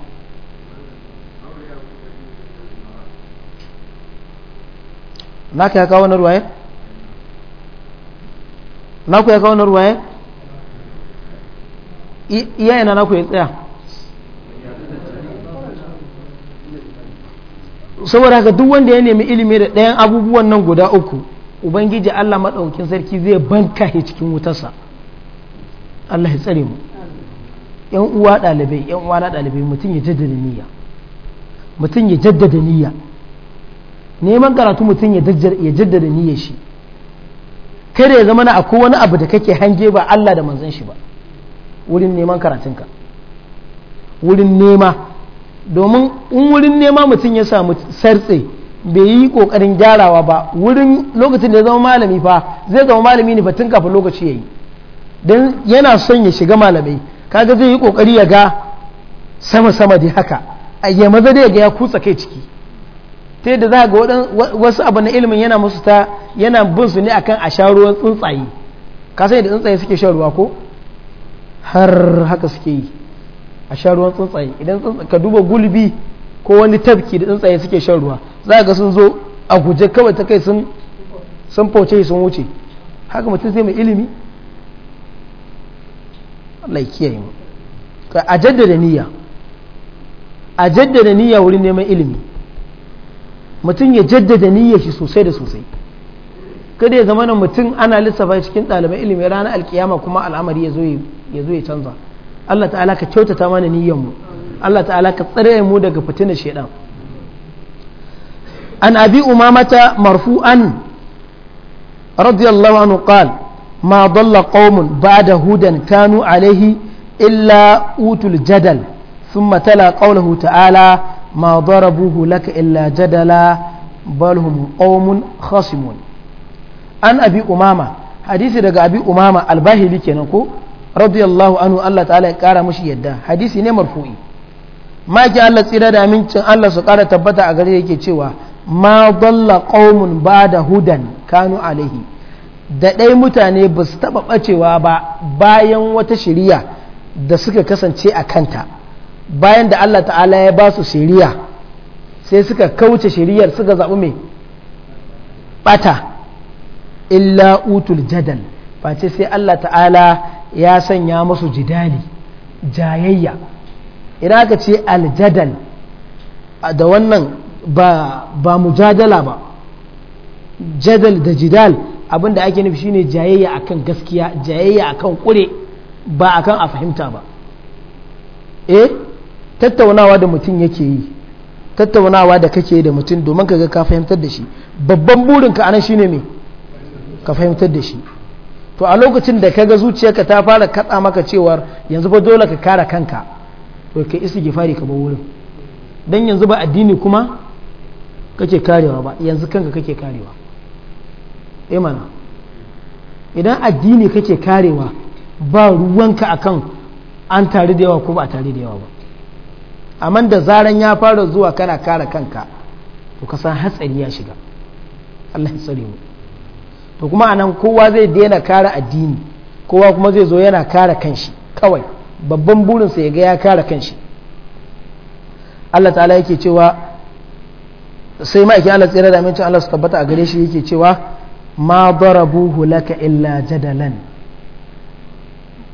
naka ya kawo na ruwayar na ku ya kawo na ya eh? iya yana na ku ya tsaya saboda haka duk wanda ya nemi ilimi da ɗayan abubuwan nan guda uku ubangiji allah maɗaukin sarki zai banka shi cikin wutarsa allah ya tsare mu yan uwa ɗalibai yan uwa na ɗalibai mutum ya jaddada niyya mutum ya jaddada niyya neman karatu mutum ya jaddada niyya shi kada ya zama na akwai wani abu da kake hange ba Allah da manzan shi ba wurin neman karatunka wurin nema domin in wurin nema mutum ya samu sartse bai yi kokarin gyarawa ba wurin lokacin da ya zama malami fa zai zama malami ne batun kafin lokaci ya yi don yana son ya shiga malamai kaga zai yi kokari ya ga sama sama da haka a ya maza da ya ga ya kutsa kai ciki sai da za ga wasu abu na ilimin yana musu ta yana bin su ne akan a sha ruwan tsuntsaye ka sai da tsuntsaye suke shan ruwa ko har haka suke yi a sha ruwan tsuntsaye idan ka duba gulbi ko wani tafki da tsuntsaye suke shan ruwa za ga sun zo a guje kawai ta kai sun sun fauce sun wuce haka mutum sai mai ilimi Allah ya kiyaye mu a jaddada niyya a jaddada niyya wurin neman ilimi mutum ya jaddada niyyar shi sosai da sosai kada ya zama mutum ana lissafa cikin ɗaliban ilimi ranar alkiyama kuma al'amari ya zo ya canza Allah ta'ala ka kyautata mana niyyar mu Allah ta'ala ka tsare mu daga fitinar shaidan an abi umamata marfu'an radiyallahu anhu qal ma dalla qaumun ba'da hudan kanu alaihi illa utul jadal thumma tala qawluhu ta'ala ma darabuhu laka illa jadala bal hum qaumun umama hadisi daga abi umama albahili kenan ko radiyallahu anhu Allah ta'ala ya kara mashi yadda hadisi ne marfu'i maki Allah tsira da amincin Allah su kara tabbata a gare yake cewa ma dalla qaumun bada hudan kanu alaihi da ɗai mutane ba su taɓa ɓacewa ba bayan wata shiriya da suka kasance a kanta bayan da Allah ta'ala ya ba su shari'a sai suka kauce shari'ar suka zaɓi mai ɓata illa utul jadal face sai Allah ta'ala ya sanya musu jidali jayayya idan aka ce aljadal da wannan ba, ba mujadala ba jadal da jidal abinda ake nufi shine jayayya akan gaskiya jayayya akan kure ba akan a fahimta ba eh tattaunawa da mutum yake yi tattaunawa da kake da mutum domin ka ga ka fahimtar da shi babban burin ka anan shine me ka fahimtar da shi to a lokacin da kaga zuciyarka ta fara kada maka cewar yanzu ba dole ka kare kanka to ka fari ka ba wurin dan yanzu ba addini kuma kake karewa ba yanzu kanka kake karewa Imana eh idan addini kake karewa ba ruwanka akan an tare da yawa ko ba a tare da yawa ba amma da zaran ya fara zuwa kana kare kanka to ka san hatsari ya shiga Allah ya tsare mu to kuma anan kowa zai daina kare addini kowa kuma zai zo yana kare kanshi kawai babban burinsa ya ga ya kare kanshi Allah ta'ala yake cewa sai ma'aikin Allah tsira da amincin Allah su tabbata a gare shi yake cewa ma darabuhu laka illa jadalan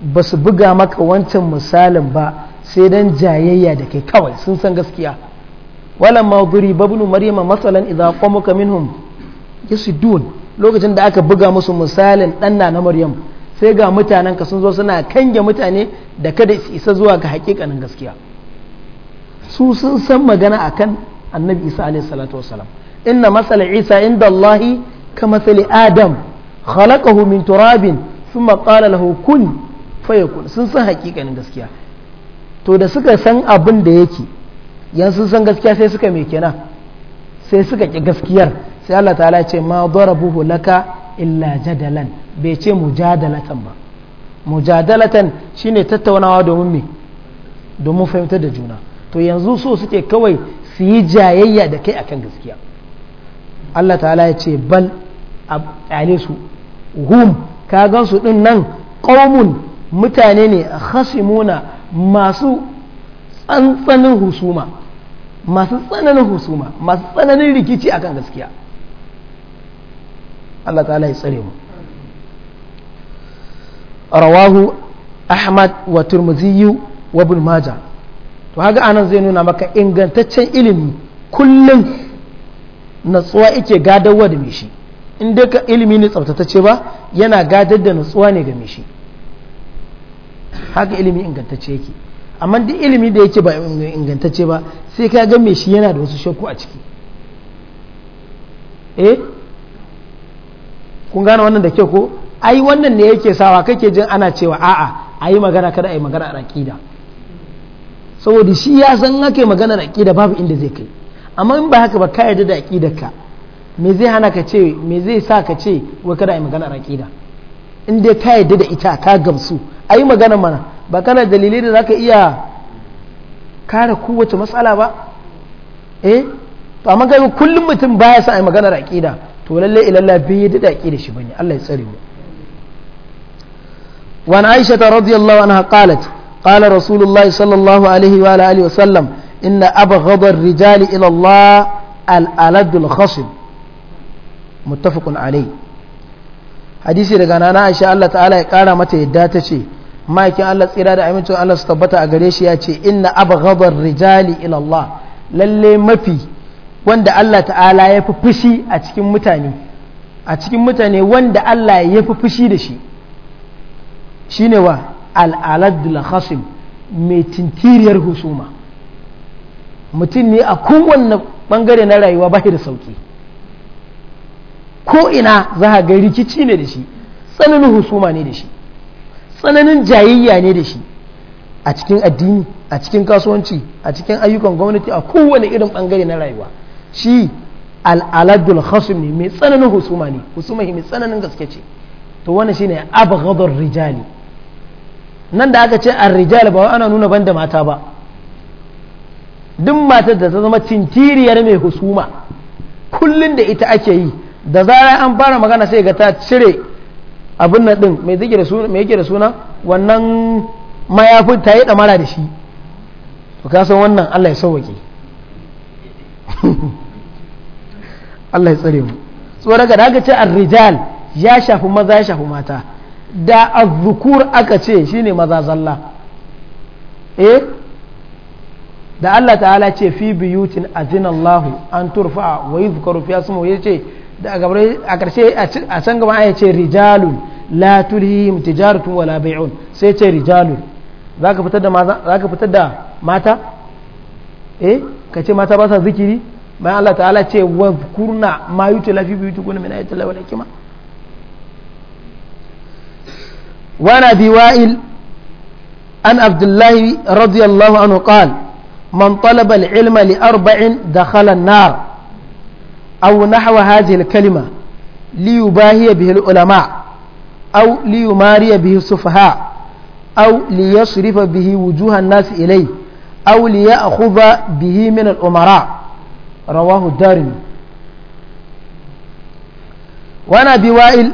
ba su buga maka wancan misalin ba sai dan jayayya da kai kawai sun san gaskiya walan ma duriba ibn maryama masalan idza qamuka minhum yasudun lokacin da aka buga musu misalin danna na maryam sai ga mutanen ka sun zo suna kange mutane da kada su isa zuwa ga hakikanin gaskiya su sun san magana akan annabi isa alaihi salatu wasalam inna masala isa inda allahi ka masali adam khalaqahu min turabin thumma qala lahu kun fayakun sun san hakikanin gaskiya to da suka san abin da yake yanzu san gaskiya sai suka mai kina sai suka ki gaskiyar sai Allah ta'ala ce ma buhu laka illa jadalan bai ce mujadalatan ba mujadalatan shine tattaunawa domin me domin fahimtar da juna to yanzu so suke kawai su yi jayayya da kai akan gaskiya Allah ta'ala ya ce bal a hum ka gansu din nan qaumun mutane ne khasimuna masu tsantsanin husuma masu tsananin husuma masu tsananin rikici akan gaskiya Allah ta'ala ya tsare mu rawahu ahmad wa turmuziyu wa ibn to haka anan zai nuna maka ingantaccen ilimi kullum natsuwa ike gadarwa da mishi in dai ka ilimi ne tsaftatacce ba yana gadar da natsuwa ne ga mishi haka ilimi ingantacce yake amma duk ilimi da yake ba ingantacce ba sai ka ga mai shi yana da wasu shakku a ciki eh kun gane wannan da ke ko ai wannan ne yake sawa kake jin ana cewa a'a a yi magana kada a yi magana a aƙida saboda shi ya san ake magana a aƙida babu inda zai kai amma in ba haka ba ka yarda da ka me zai hana ka ce me zai sa ka ce wai kada a yi magana a aƙida in dai ka yarda da ita ka gamsu a yi magana mana ba kana dalilai da za ka iya kare kowace matsala ba eh to amma kai kullum mutum baya sa a yi magana da aƙida to lalle ilalla bai yi da aƙida shi bane Allah ya tsare mu wa an aisha radiyallahu anha qalat qala rasulullahi sallallahu alaihi wa alihi wa sallam inna abghadha ar-rijali ila Allah al-aladul khasim muttafaqun alayhi hadisi daga nana aisha Allah ta'ala ya kara mata yadda ta ce ma'aikin Allah tsira da amincin Allah su tabbata a gare shi ya ce inna abghadar rijali ilallah Allah lalle mafi wanda Allah ta'ala ya fi fushi a cikin mutane a cikin mutane wanda Allah ya fi fushi da shi shine wa al'aladul khasim mai tintiriyar husuma mutum ne a kowanne bangare na rayuwa ba da sauki ko ina za a ga rikici ne da shi tsananin husuma ne da shi tsananin jayayya ne da shi a cikin addini a cikin kasuwanci a cikin ayyukan gwamnati a kowane irin bangare na rayuwa shi al'aladul hasum ne mai tsananin husuma ne husuma mai tsananin gaske ce to shi shine abghadur rijali nan da aka ce a rijali ba ana nuna da mata ba duk matar da ta zama cintiriyar mai husuma kullum da ita ake yi da zarar an fara magana sai ga ta cire abin nan din mai yake da suna mai yake da suna wannan mayafin ta yi damara da shi to ka san wannan Allah ya sauwake Allah ya tsare mu tsoron ga daga ce ar-rijal ya shafi maza ya shafi mata da az-zukur aka ce shine maza zalla eh da Allah ta'ala ce fi biyutin azinallahu an turfa wa yuzkaru fiha ismuhu yace da a ƙarshe a can gaba ya ce rijalun la tulhihim tijaratun wala bai'un sai ce rijalun za ka fitar da mata za ka fitar da mata eh ka ce mata ba sa zikiri bayan Allah ta'ala ce wa kurna ma yutu lafi bi tukuna min ayati Allah wal hikma wa na biwa'il an abdullahi radiyallahu anhu qala man talaba al-ilma li arba'in dakhala an-nar أو نحو هذه الكلمة ليباهي به العلماء أو ليماري به السفهاء أو ليصرف به وجوه الناس إليه أو ليأخذ به من الأمراء رواه الدارم وأنا أبي وائل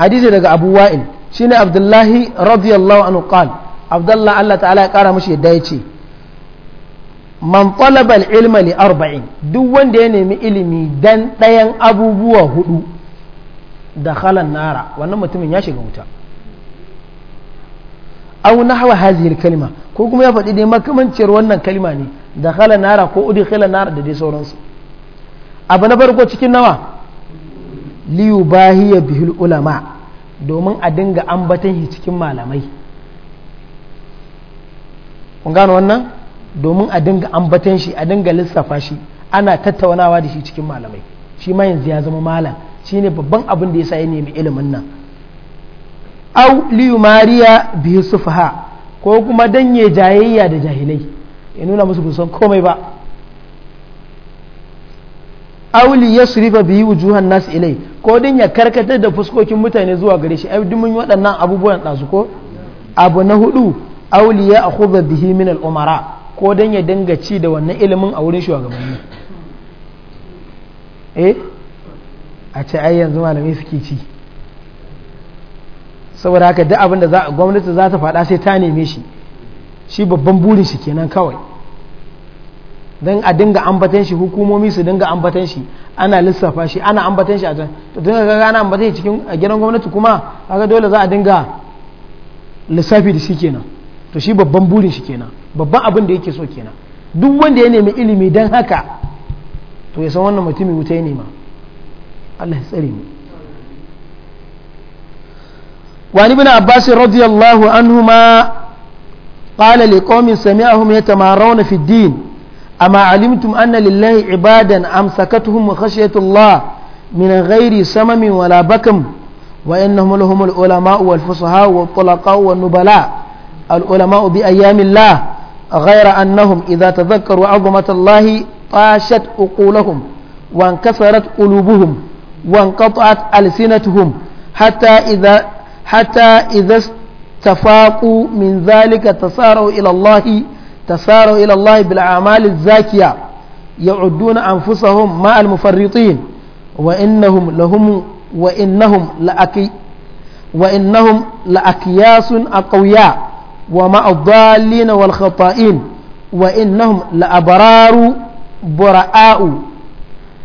لك أبو وائل شين عبد الله رضي الله عنه قال عبد الله الله تعالى قال مشي دايتي man talabal ilma li arba'in duk wanda ya nemi ilimi dan ɗayan abubuwa hudu da halan nara wannan mutumin ya shiga wuta aw nahwa hadhihi kalima ko kuma ya faɗi dai makamanciyar wannan kalima ne da halan nara ko udkhila nara da dai sauransu abu na farko cikin nawa liyu bahiya bihil ulama domin a dinga ambatan shi cikin malamai kun gano wannan domin a dinga ambaton shi a dinga lissafa shi ana tattaunawa da shi cikin malamai shi ma yanzu ya zama malam shi ne babban abin da ya sa ya nemi ilimin nan au mariya su sufaha ko kuma danye jayayya da jahilai ya nuna musu busan komai ba auli ya surifa biyi wujuhan nasu ilai ko din ya karkatar da fuskokin mutane zuwa gare shi ai dumin waɗannan abubuwan ɗazu ko abu na hudu auli ya akhudha bihi min al umara ko don ya dinga ci da wannan ilimin a wurin shugabanni eh a ce ai yanzu malamai suke ci saboda haka duk abin da gwamnati za ta faɗa sai ta neme shi shi babban burin shi kenan kawai don a dinga ambatan shi hukumomi su dinga ambatan shi ana lissafa shi ana ambatan shi a can to dinga ga ana ambatan shi cikin a gidan gwamnati kuma haka dole za a dinga lissafi da shi kenan to shi babban burin shi kenan babban abin da yake so kenan duk wanda ya nemi ilimi don haka to ya san wannan mutumin wuta ya nema Allah ya tsare mu وعن ابن عباس رضي الله عنهما قال لقوم سمعهم يتمارون في الدين أما علمتم أن لله عبادا أمسكتهم خشية الله من غير سمم ولا بكم وإنهم لهم العلماء والفصحاء والطلقاء والنبلاء العلماء بأيام الله غير أنهم إذا تذكروا عظمة الله طاشت عقولهم وانكسرت قلوبهم وانقطعت ألسنتهم حتى إذا حتى إذا استفاقوا من ذلك تساروا إلى الله تساروا إلى الله بالأعمال الزاكية يعدون أنفسهم مع المفرطين وإنهم لهم وإنهم لأكي وإنهم لأكياس أقوياء ومع الضالين والخطائين وإنهم لأبرار براء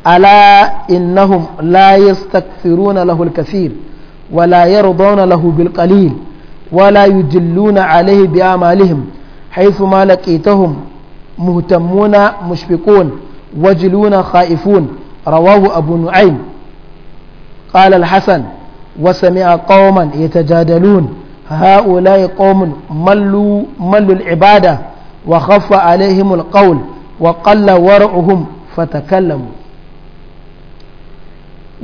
ألا إنهم لا يستكثرون له الكثير ولا يرضون له بالقليل ولا يجلون عليه بآمالهم حيث ما لقيتهم مهتمون مشفقون وجلون خائفون رواه أبو نعيم قال الحسن وسمع قوما يتجادلون هؤلاء قوم ملوا ملوا العبادة وخف عليهم القول وقل ورعهم فتكلموا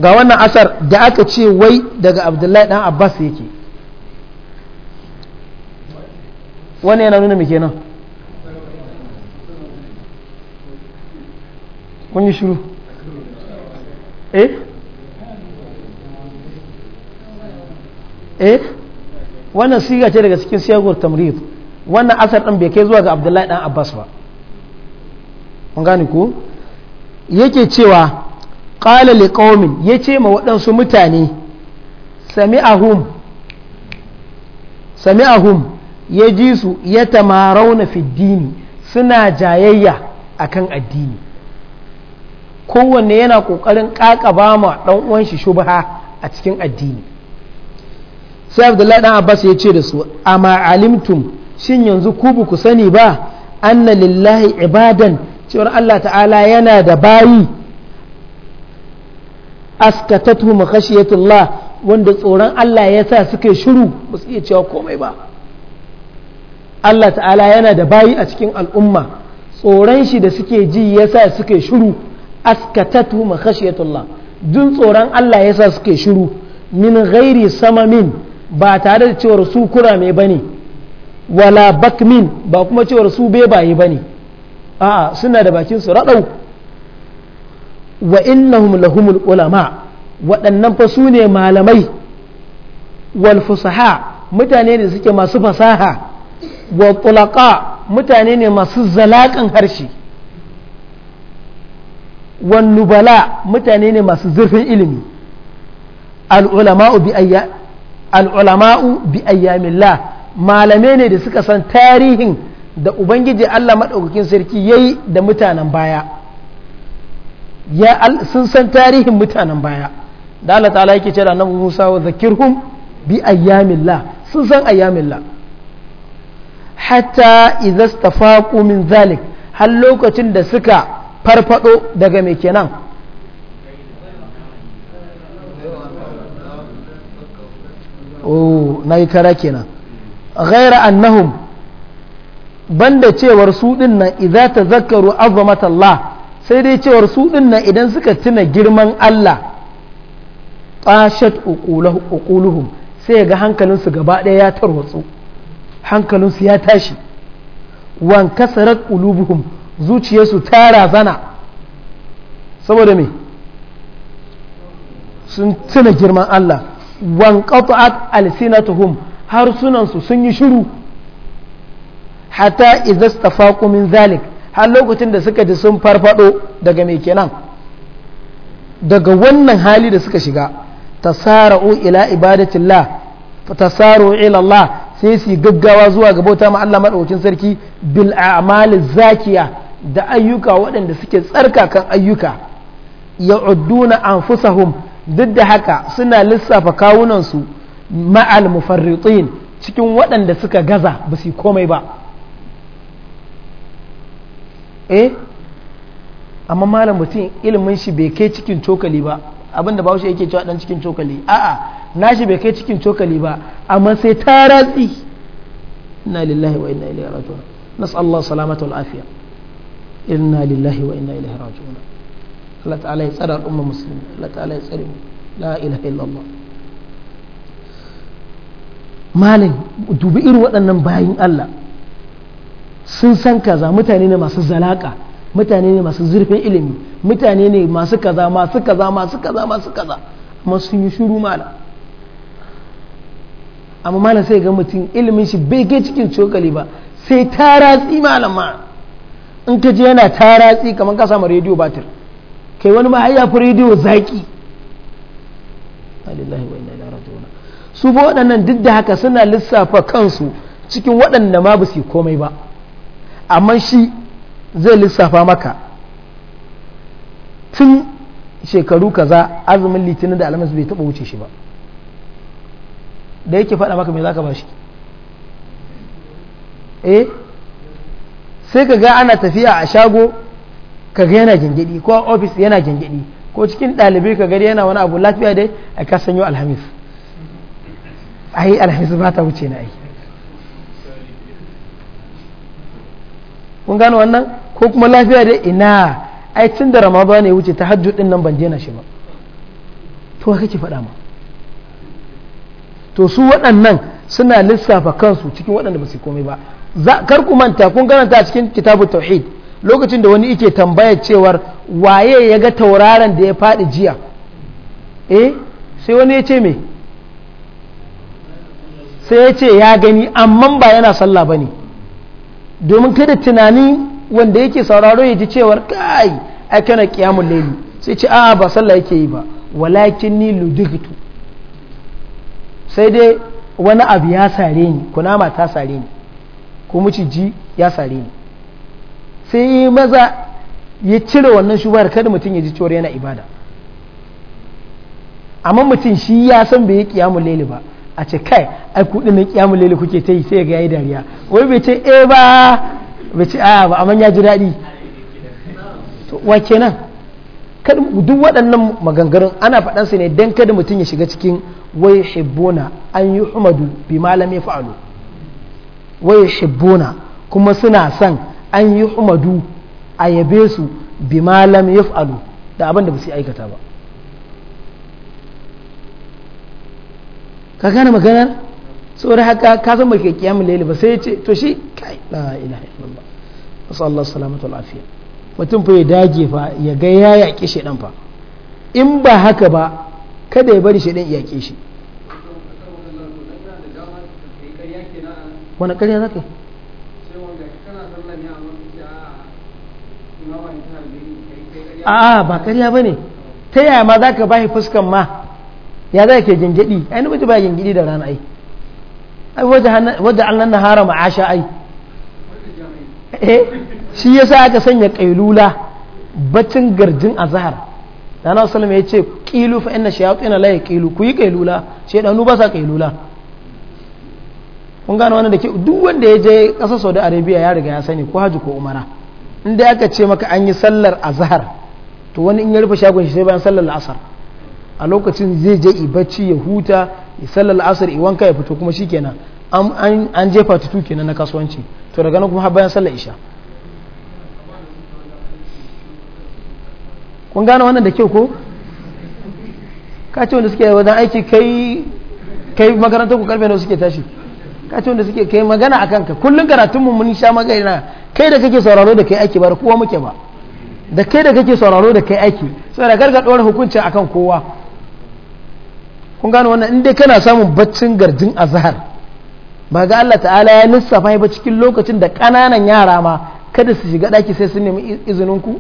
ga wannan asar da aka ce wai daga abdullahi dan abbas yake wani yana nuna mai kenan kun yi shiru eh eh wannan siga ce daga cikin siyagur tamrid wannan asar ɗin bai kai zuwa ga abdullahi dan abbas ba kun gane ku yake cewa qala ya ce ma waɗansu mutane sami ahum ya ji su ya tamarau na fiddini suna jayayya akan addini kowanne yana ƙoƙarin ƙaƙaba ma ɗan uwan shi shubha a cikin addini sai abdullahi dan abbas ya ce da su amma alimtum shin yanzu ku ba ku sani ba anna lillahi ibadan cewar Allah ta'ala yana da bayi askatatu makhashiyatullah wanda tsoron Allah ya sa suke shiru ba su iya cewa komai ba Allah ta'ala yana da bayi a cikin al'umma tsoron shi da suke ji ya sa suke shiru askatatu makhashiyatullah dun tsoron Allah ya sa suke shiru min ghairi samamin ba tare da cewar su kurame ba ne wala bakmin ba kuma cewar su bebaye ba ne a'a suna da bakin su raɗau wa innahum lahumul ulama waɗannan fa su ne malamai wal fusaha mutane ne suke masu fasaha wa tulaqa mutane ne masu zalaƙan harshe wan nubala mutane ne masu zurfin ilimi al ulama bi al'ulama'u bi ayyamillah malamai ne da suka san tarihin da ubangiji Allah maɗaukakin sarki ya yi da mutanen baya sun san tarihin mutanen baya da Allah ta'ala yake cewa annabi Musa wa zakirhum bi ayyamillah sun san ayyamillah hatta idza stafaqu min zalik har lokacin da suka farfado daga mai kenan oh na yi kara kenan ghaira annahum banda cewar su din nan idza tazakkaru azamatallah sai dai cewar su din nan idan suka tuna girman Allah tashat uquluhum sai ga su gaba daya ya tarwatsu hankalinsu ya tashi wan kasarat qulubuhum zuciyarsu ta razana saboda me sun tuna girman Allah wanqata'at alsinatuhum harsunansu sun yi shiru hata idza stafaqu min zalik har lokacin da suka ji sun farfado daga mai kenan daga wannan hali da suka shiga tasara'u ila ibadatillah tasara'u ila Allah sai su gaggawa zuwa ga bauta ma Allah madaukakin sarki bil a'mali zakiya da ayyuka waɗanda suke tsarka kan ayyuka ya ya'udduna anfusahum duk da haka suna lissafa kawunansu ma'al mufarritin cikin waɗanda suka gaza ba su komai ba eh amma malam mutum ilimin shi bai kai cikin cokali ba abinda ba shi yake cewa dan cikin cokali a'a nashi bai kai cikin cokali ba amma sai ta ratsi inna lillahi wa inna ilaihi raji'un nas'allahu salamata wal afiya inna lillahi wa inna ilaihi raji'un Allah ta'ala ya tsara al'umma musulmi Allah ta'ala ya tsare mu la ilaha illallah malin dubi irin waɗannan bayin Allah sun san kaza mutane ne masu zalaka mutane ne masu zurfin ilimi mutane ne masu kaza masu kaza masu kaza masu kaza amma sun yi shuru mala amma mala sai ga mutum ilimin shi bai ke cikin cokali ba sai taratsi malama in ka je yana taratsi kamar ka samu rediyo batir kai wani ma ya fi rediyo zaki wa su ba waɗannan duk da haka suna lissafa kansu cikin waɗanda ma ba su komai ba amma shi zai lissafa maka tun shekaru kaza azumin litinin da alamis bai taɓa wuce shi ba da yake faɗa maka mai zaka ba shi eh sai ka ga ana tafiya a shago kaga yana jingidi ko a ofis yana jingidi ko cikin ɗalibai ka gari yana wani abu lafiya dai a ka sanyo alhamis ai alhamis ba ta wuce na ai kun gano wannan ko kuma lafiya dai ina ai tun da ramadan ne wuce ta din nan ban daina shi ba to kake faɗa ma to su waɗannan suna lissafa kansu cikin waɗanda ba su komai ba kar ku manta kun karanta a cikin kitabu tauhid lokacin da wani yake tambayar cewar waye ya ga tauraron da ya faɗi jiya eh sai wani ya ce me sai ya ce ya gani amma ba yana sallah ba ne domin kada tunani wanda yake sauraro ya ji cewar kai a kana kiyamun laili sai ce a'a ba sallah yake yi ba walakin ni ludigtu sai dai wani abu ya sare ni kunama ta sare ni ko ya sare ni sai maza ya cire wannan shubhar kada mutum ya ji cewar yana ibada amma mutum shi ya san bai yi kiyamun laili ba a ce kai ai kudin na kiyamun laili kuke ta yi sai ga yayi dariya wai bai ce eh ba bai ce a ba amma ya ji daɗi to wa kenan duk waɗannan maganganun ana faɗan su ne dan kada mutum ya shiga cikin wai hibbona an yi humadu bi malam ya fa'alu wai kuma suna san. an yi humadu a yabe su bi malam ya fa'alu da abin da ba su aikata ba ka gane maganar saboda haka ka san ba ke kiyamun laili ba sai ya ce to shi kai la ilaha illallah wasu Allah salamatu lafiya mutum fa ya dage fa ya ga ya yaƙi shaidan fa in ba haka ba kada ya bari shaidan ya yaƙe shi wani ƙarya za ka yi a'a ba karya ba ne ta yaya ma za ka ba shi fuskan ma ya za ke gingidi ai namiji ba gingidi da rana ai ai wadda allah na hara ma'asha ai eh shi ya sa aka sanya kailula bacin garjin azhar na wasu ya ce kilu fa shayatu ina la yaqilu ku yi kailula ɗanu ba sa kailula kun gane wannan da ke duk wanda ya je ƙasar Saudi Arabia ya riga ya sani ko haji ko umara Inda aka ce maka an yi sallar azhar to wani in ya rufe shagon shi sai bayan sallar asar a lokacin zai je i ya huta ya sallar asar i wanka ya fito kuma shi kenan an jefa tutu kenan na kasuwanci to daga nan kuma har bayan sallar isha kun gane wannan da kyau ko ka ce wanda suke wajen aiki kai makarantar ku karfe da suke tashi ka ce wanda suke kai magana a kanka kullum karatun mu mun sha magana kai da kake sauraro da kai aiki ba da kowa muke ba da kai da kake sauraro da kai aiki da karka dora hukuncin akan kowa kun gano wannan in dai kana samun baccin garjin azhar ba ga Allah ta'ala ya lissafa ba cikin lokacin da kananan yara ma kada su shiga daki sai sun nemi izinin ku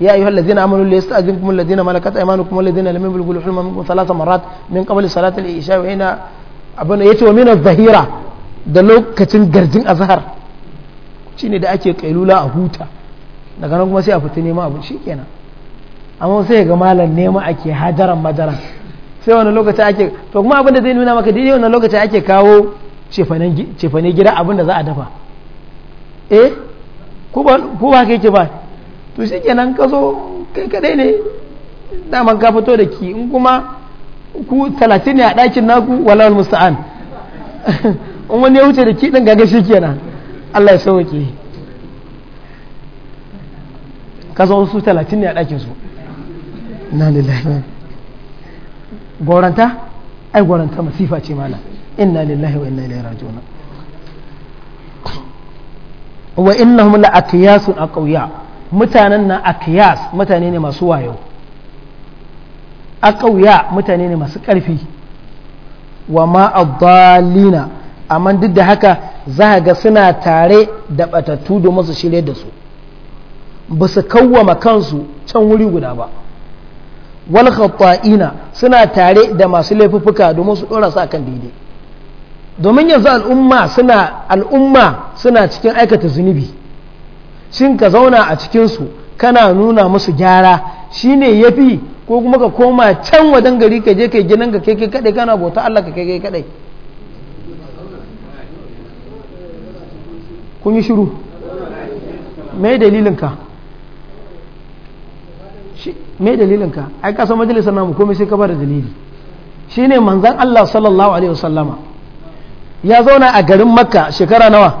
يا أيها الذين آمنوا ليستأذنكم الذين ملكت أيمانكم والذين لم يبلغوا الحلم منكم ثلاث مرات من قبل isha العشاء وحين abin ya ce wa minar zahira da lokacin garjin azhar ne da ake kailula a huta daga nan kuma sai a fita nema abin shikenan amma sai ga malam nema ake hajaran madaran sai wani lokaci ake to kuma abin da zai nuna maka daidai wani lokaci ake kawo cefane gida abin da za a dafa eh ko ba ka yake ba to kenan ka zo kai kadai ne daman ka fito da ki in kuma ku talatin ne a ɗakin naku walawal musta'an in wani ya wuce da ɗin gaga shi kenan Allah ya sauke ka zo su talatin ne a ɗakin su na lillahi goranta ai goranta masifa ce mana inna lillahi wa inna ilaihi raji'un wa innahum la a aqwiya mutanen na aqyas mutane ne masu wayo a ƙauya mutane ne masu ƙarfi wa ma'adalina amma duk da haka za a ga suna tare da batattu domin su shirya da su ba su kawwama kansu can wuri guda ba wal khata'ina suna tare da masu laifuffuka domin su dora su akan daidai domin yanzu al'umma suna al'umma suna cikin aikata zunubi shin ka zauna a cikinsu su kana nuna musu gyara shine yafi ko kuma ka koma can wajen gari ka je kai ginin ka kai kai kadai kana bauta Allah ka kai kai kadai kun yi shiru me dalilin ka me dalilin ka ai ka san majalisar namu komai sai ka bada dalili shine manzon Allah sallallahu alaihi wasallama ya zauna a garin Makka shekara nawa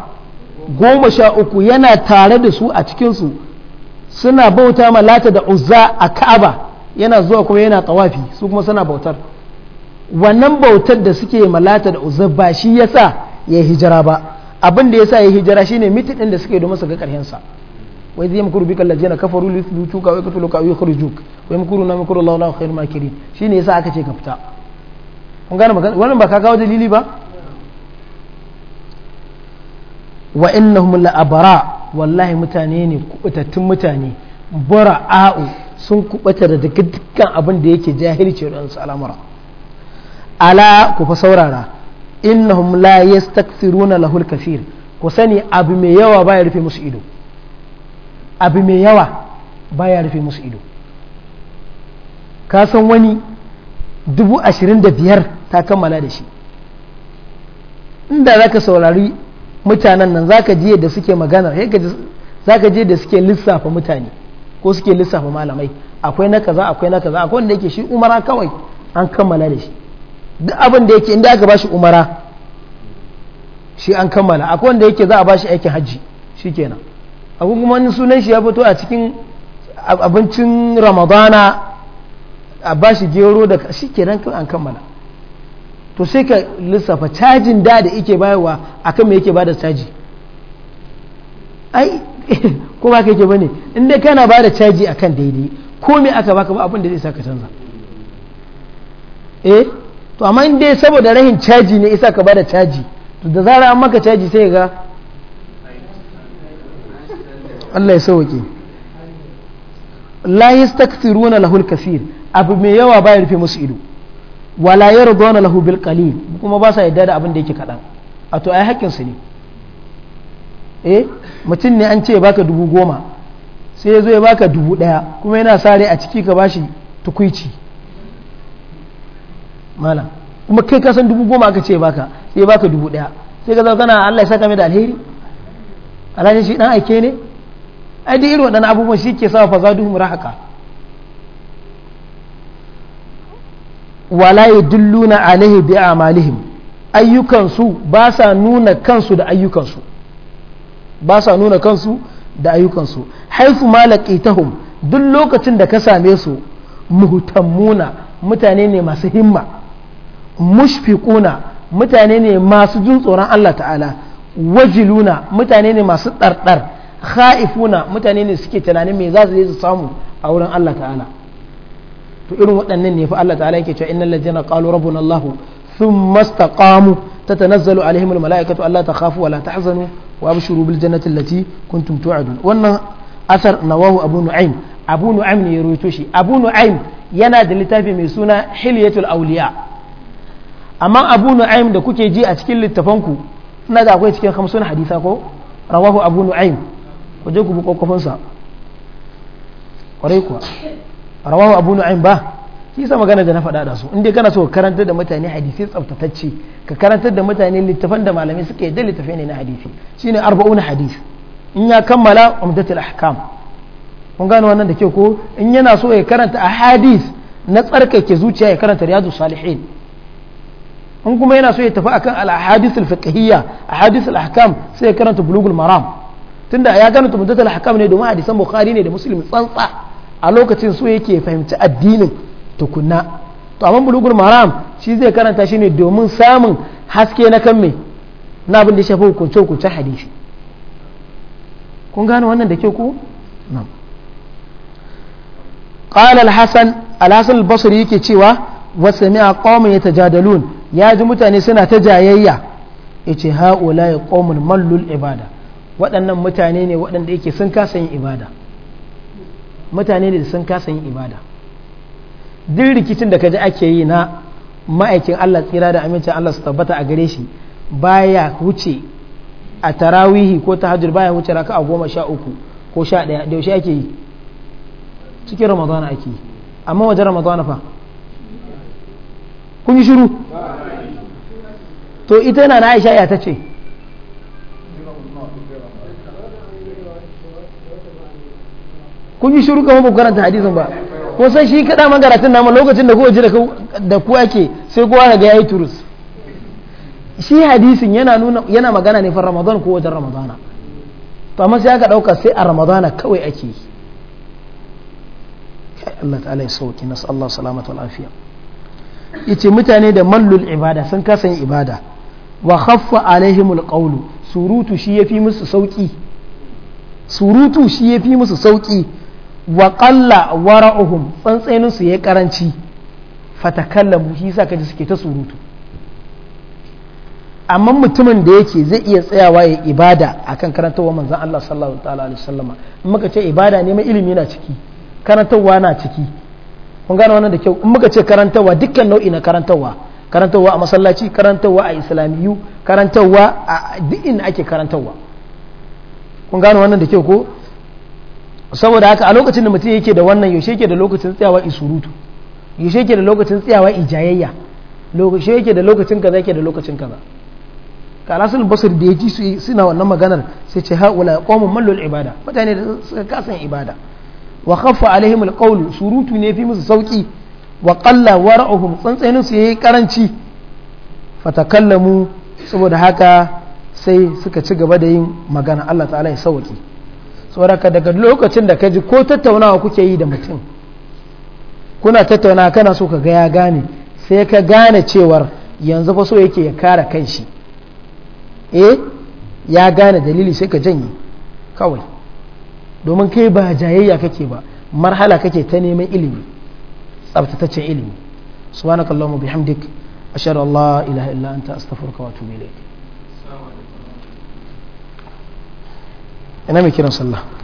goma sha uku yana tare da su a cikinsu suna bauta malata da uzza a ka'aba yana zuwa kuma yana tawafi su kuma suna bautar wannan bautar da suke malata da uzza ba shi sa ya hijira ba abin da sa ya hijira shine mitidin da suke domin su ga ƙarshen sa wai zai mukuru bika lajina kafaru li tuka wai katuluka wai khurjuk wai mukuru na mukuru Allahu lahu khairul makirin shine yasa aka ce ka fita kun gane magana wannan ba ka kawo dalili ba wa innahum la abara wallahi mutane ne kubutattun mutane bara'u sun kubata da dukkan abin da yake jahilci su al'amura ala ku fa saurara innahum la yastakthiruna lahul kafir ku sani abu mai yawa baya rufe musu ido abu mai yawa baya rufe musu ido ka san wani dubu ashirin da biyar ta kammala da shi inda zaka saurari mutanen nan zaka je da suke magana zaka je da suke lissafa mutane ko suke lissafa malamai akwai na kaza akwai na kaza akwai wanda yake shi umara kawai an kammala da shi duk abin da yake inda aka bashi umara shi an kammala akwai wanda yake za a bashi aikin hajji kenan akwai kuma wani sunan shi ya fito a cikin abincin ramadana a bashi gero da kenan kawai an kammala to sai ka lissafa cajin da da yake bayarwa akan me yake bada caji ai ko ba ka yake bane in dai kana ba da caji akan daidai ko me aka baka ba abin da zai ka canza eh to amma in dai saboda rahin caji ne isa ka ba da caji to da zara an maka caji sai ga Allah ya sauke la yastakthiruna lahul kaseer abu mai yawa ba ya rufe musu ido wala yarduna lahu bil qalil kuma ba sa yadda da abin da yake kadan a to ai hakkin su ne eh mutum ne an ce baka dubu goma sai ya zo ya baka dubu ɗaya kuma yana sare a ciki ka bashi tukwici malam kuma kai kasan dubu goma aka ce baka sai baka dubu ɗaya sai ka zaukana kana Allah ya saka mai da alheri alhaji shi dan aike ne ai da irin waɗannan abubuwan shi ke sa fazaduhum rahaka wala yadulluna alaihi bi amalihim ayyukansu ba sa nuna kansu da ayyukansu ba sa nuna kansu da ayyukansu haifu malaqitahum duk lokacin da ka same su muhtammuna mutane ne masu himma mushfiquna mutane ne masu jin tsoron Allah ta'ala wajiluna mutane ne masu ɗarɗar kha'ifuna mutane ne suke tunanin me za su je su samu a wurin Allah ta'ala to irin waɗannan ne fa Allah ta'ala yake cewa innal ladzina qalu rabbuna Allah thumma istaqamu tatanazzalu alaihim almalaikatu alla takhafu wa la tahzanu wa abshuru bil jannati allati kuntum tu'adun wannan asar nawahu abu nu'aym ne ya rawaito shi abu nu'aym yana da littafi mai suna hilyatul awliya amma abu nu'aym da kuke ji a cikin littafanku da akwai cikin 50 hadisa ko rawahu abu ba shi sa magana da na faɗa da su inda kana so ka karantar da mutane hadisi tsaftatacce ka karantar da mutane littafan da malamai suka yi da littafai ne na hadisi shine arba'un hadis in ya kammala umdatul ahkam kun gano wannan da ke ko in yana so ya karanta a hadis na tsarkake zuciya ya karanta riyadu salihin in kuma yana so ya tafi akan al-ahadith al-fiqhiyya ahadith al fiqhiyya ahadith ahkam sai ya karanta bulugul maram tunda ya karanta umdatul ahkam ne domin hadisan bukhari ne da muslim tsantsa a lokacin su yake fahimci addinin tukunna to amma bulugul maram shi zai karanta shi ne domin samun haske na kan me na abin da ya shafi hukunce hukunce hadisi kun gano wannan da ke ku na'am qala al-hasan basri yake cewa wa sami'a ya yatajadalun ya ji mutane suna ta jayayya yace haula ya qaumun mallul ibada waɗannan mutane ne waɗanda yake sun kasa yin ibada mutane ne sun kasa yin ibada duk rikicin da kaji ake yi na ma'aikin Allah tsira da amincin Allah su tabbata a gare shi baya wuce a tarawihi ko ta hajjur baya wuce raka a goma sha uku ko sha ɗaya da yaushe ake yi cikin ramadana ake yi amma wajen ramadana fa kun yi shiru to ita na aisha ya ta ce kun yi shiru kamar ba karanta hadisin ba ko sai shi kaɗa magaratun nama lokacin da kowace da ku ake sai kowa ga ya yi turus shi hadisin yana nuna yana magana ne fa ramadan ko wajen ramadana to amma sai aka ɗauka sai a ramadana kawai ake yi Allah ta'ala ya sauki nasu Allah salamatu al'afiya ita mutane da mallul ibada sun kasa yin ibada wa khaffa alaihimul qawlu surutu shi yafi musu sauki surutu shi yafi musu sauki wa ƙalla wara'uhum tsantsenin su ya karanci fatakallamu shi sa kaji suke ta surutu amma mutumin da yake zai iya tsayawa ya ibada akan karantarwa manzan Allah sallallahu alaihi wasallama in muka ce ibada neman ilimi na ciki karantarwa na ciki kun gane wannan da kyau in muka ce karantarwa dukkan nau'i na karantarwa karantarwa a masallaci karantarwa a islamiyu karantarwa a duk inda ake karantarwa kun gane wannan da kyau ko saboda haka a lokacin da mutum yake da wannan yaushe yake da lokacin tsayawa isurutu yaushe yake da lokacin tsayawa ijayayya yaushe yake da lokacin kaza yake da lokacin kaza sun basir da ya ji suna wannan maganar sai ce haula qaumun mallul ibada mutane da suka kasan ibada wa khaffa alaihim alqawl surutu ne fi musu sauki wa qalla wara'uhum tsantsanin su yayi karanci fatakallamu saboda haka sai suka ci gaba da yin magana Allah ta'ala ya sauki tsoraka daga lokacin da ka ji ko tattaunawa kuke yi da mutum kuna tattauna kana so ka ga ya gane sai ka gane cewar yanzu fa so yake ya kare kanshi eh ya gane dalili sai ka janye kawai domin kai ba jayayya kake ba marhala kake ta neman ilimi tsabtataccen ilimi subhanakallahumma bihamdik ashhadu an la ilaha illa anta astaghfiruka wa atubu ilayk ina mai kiran sallah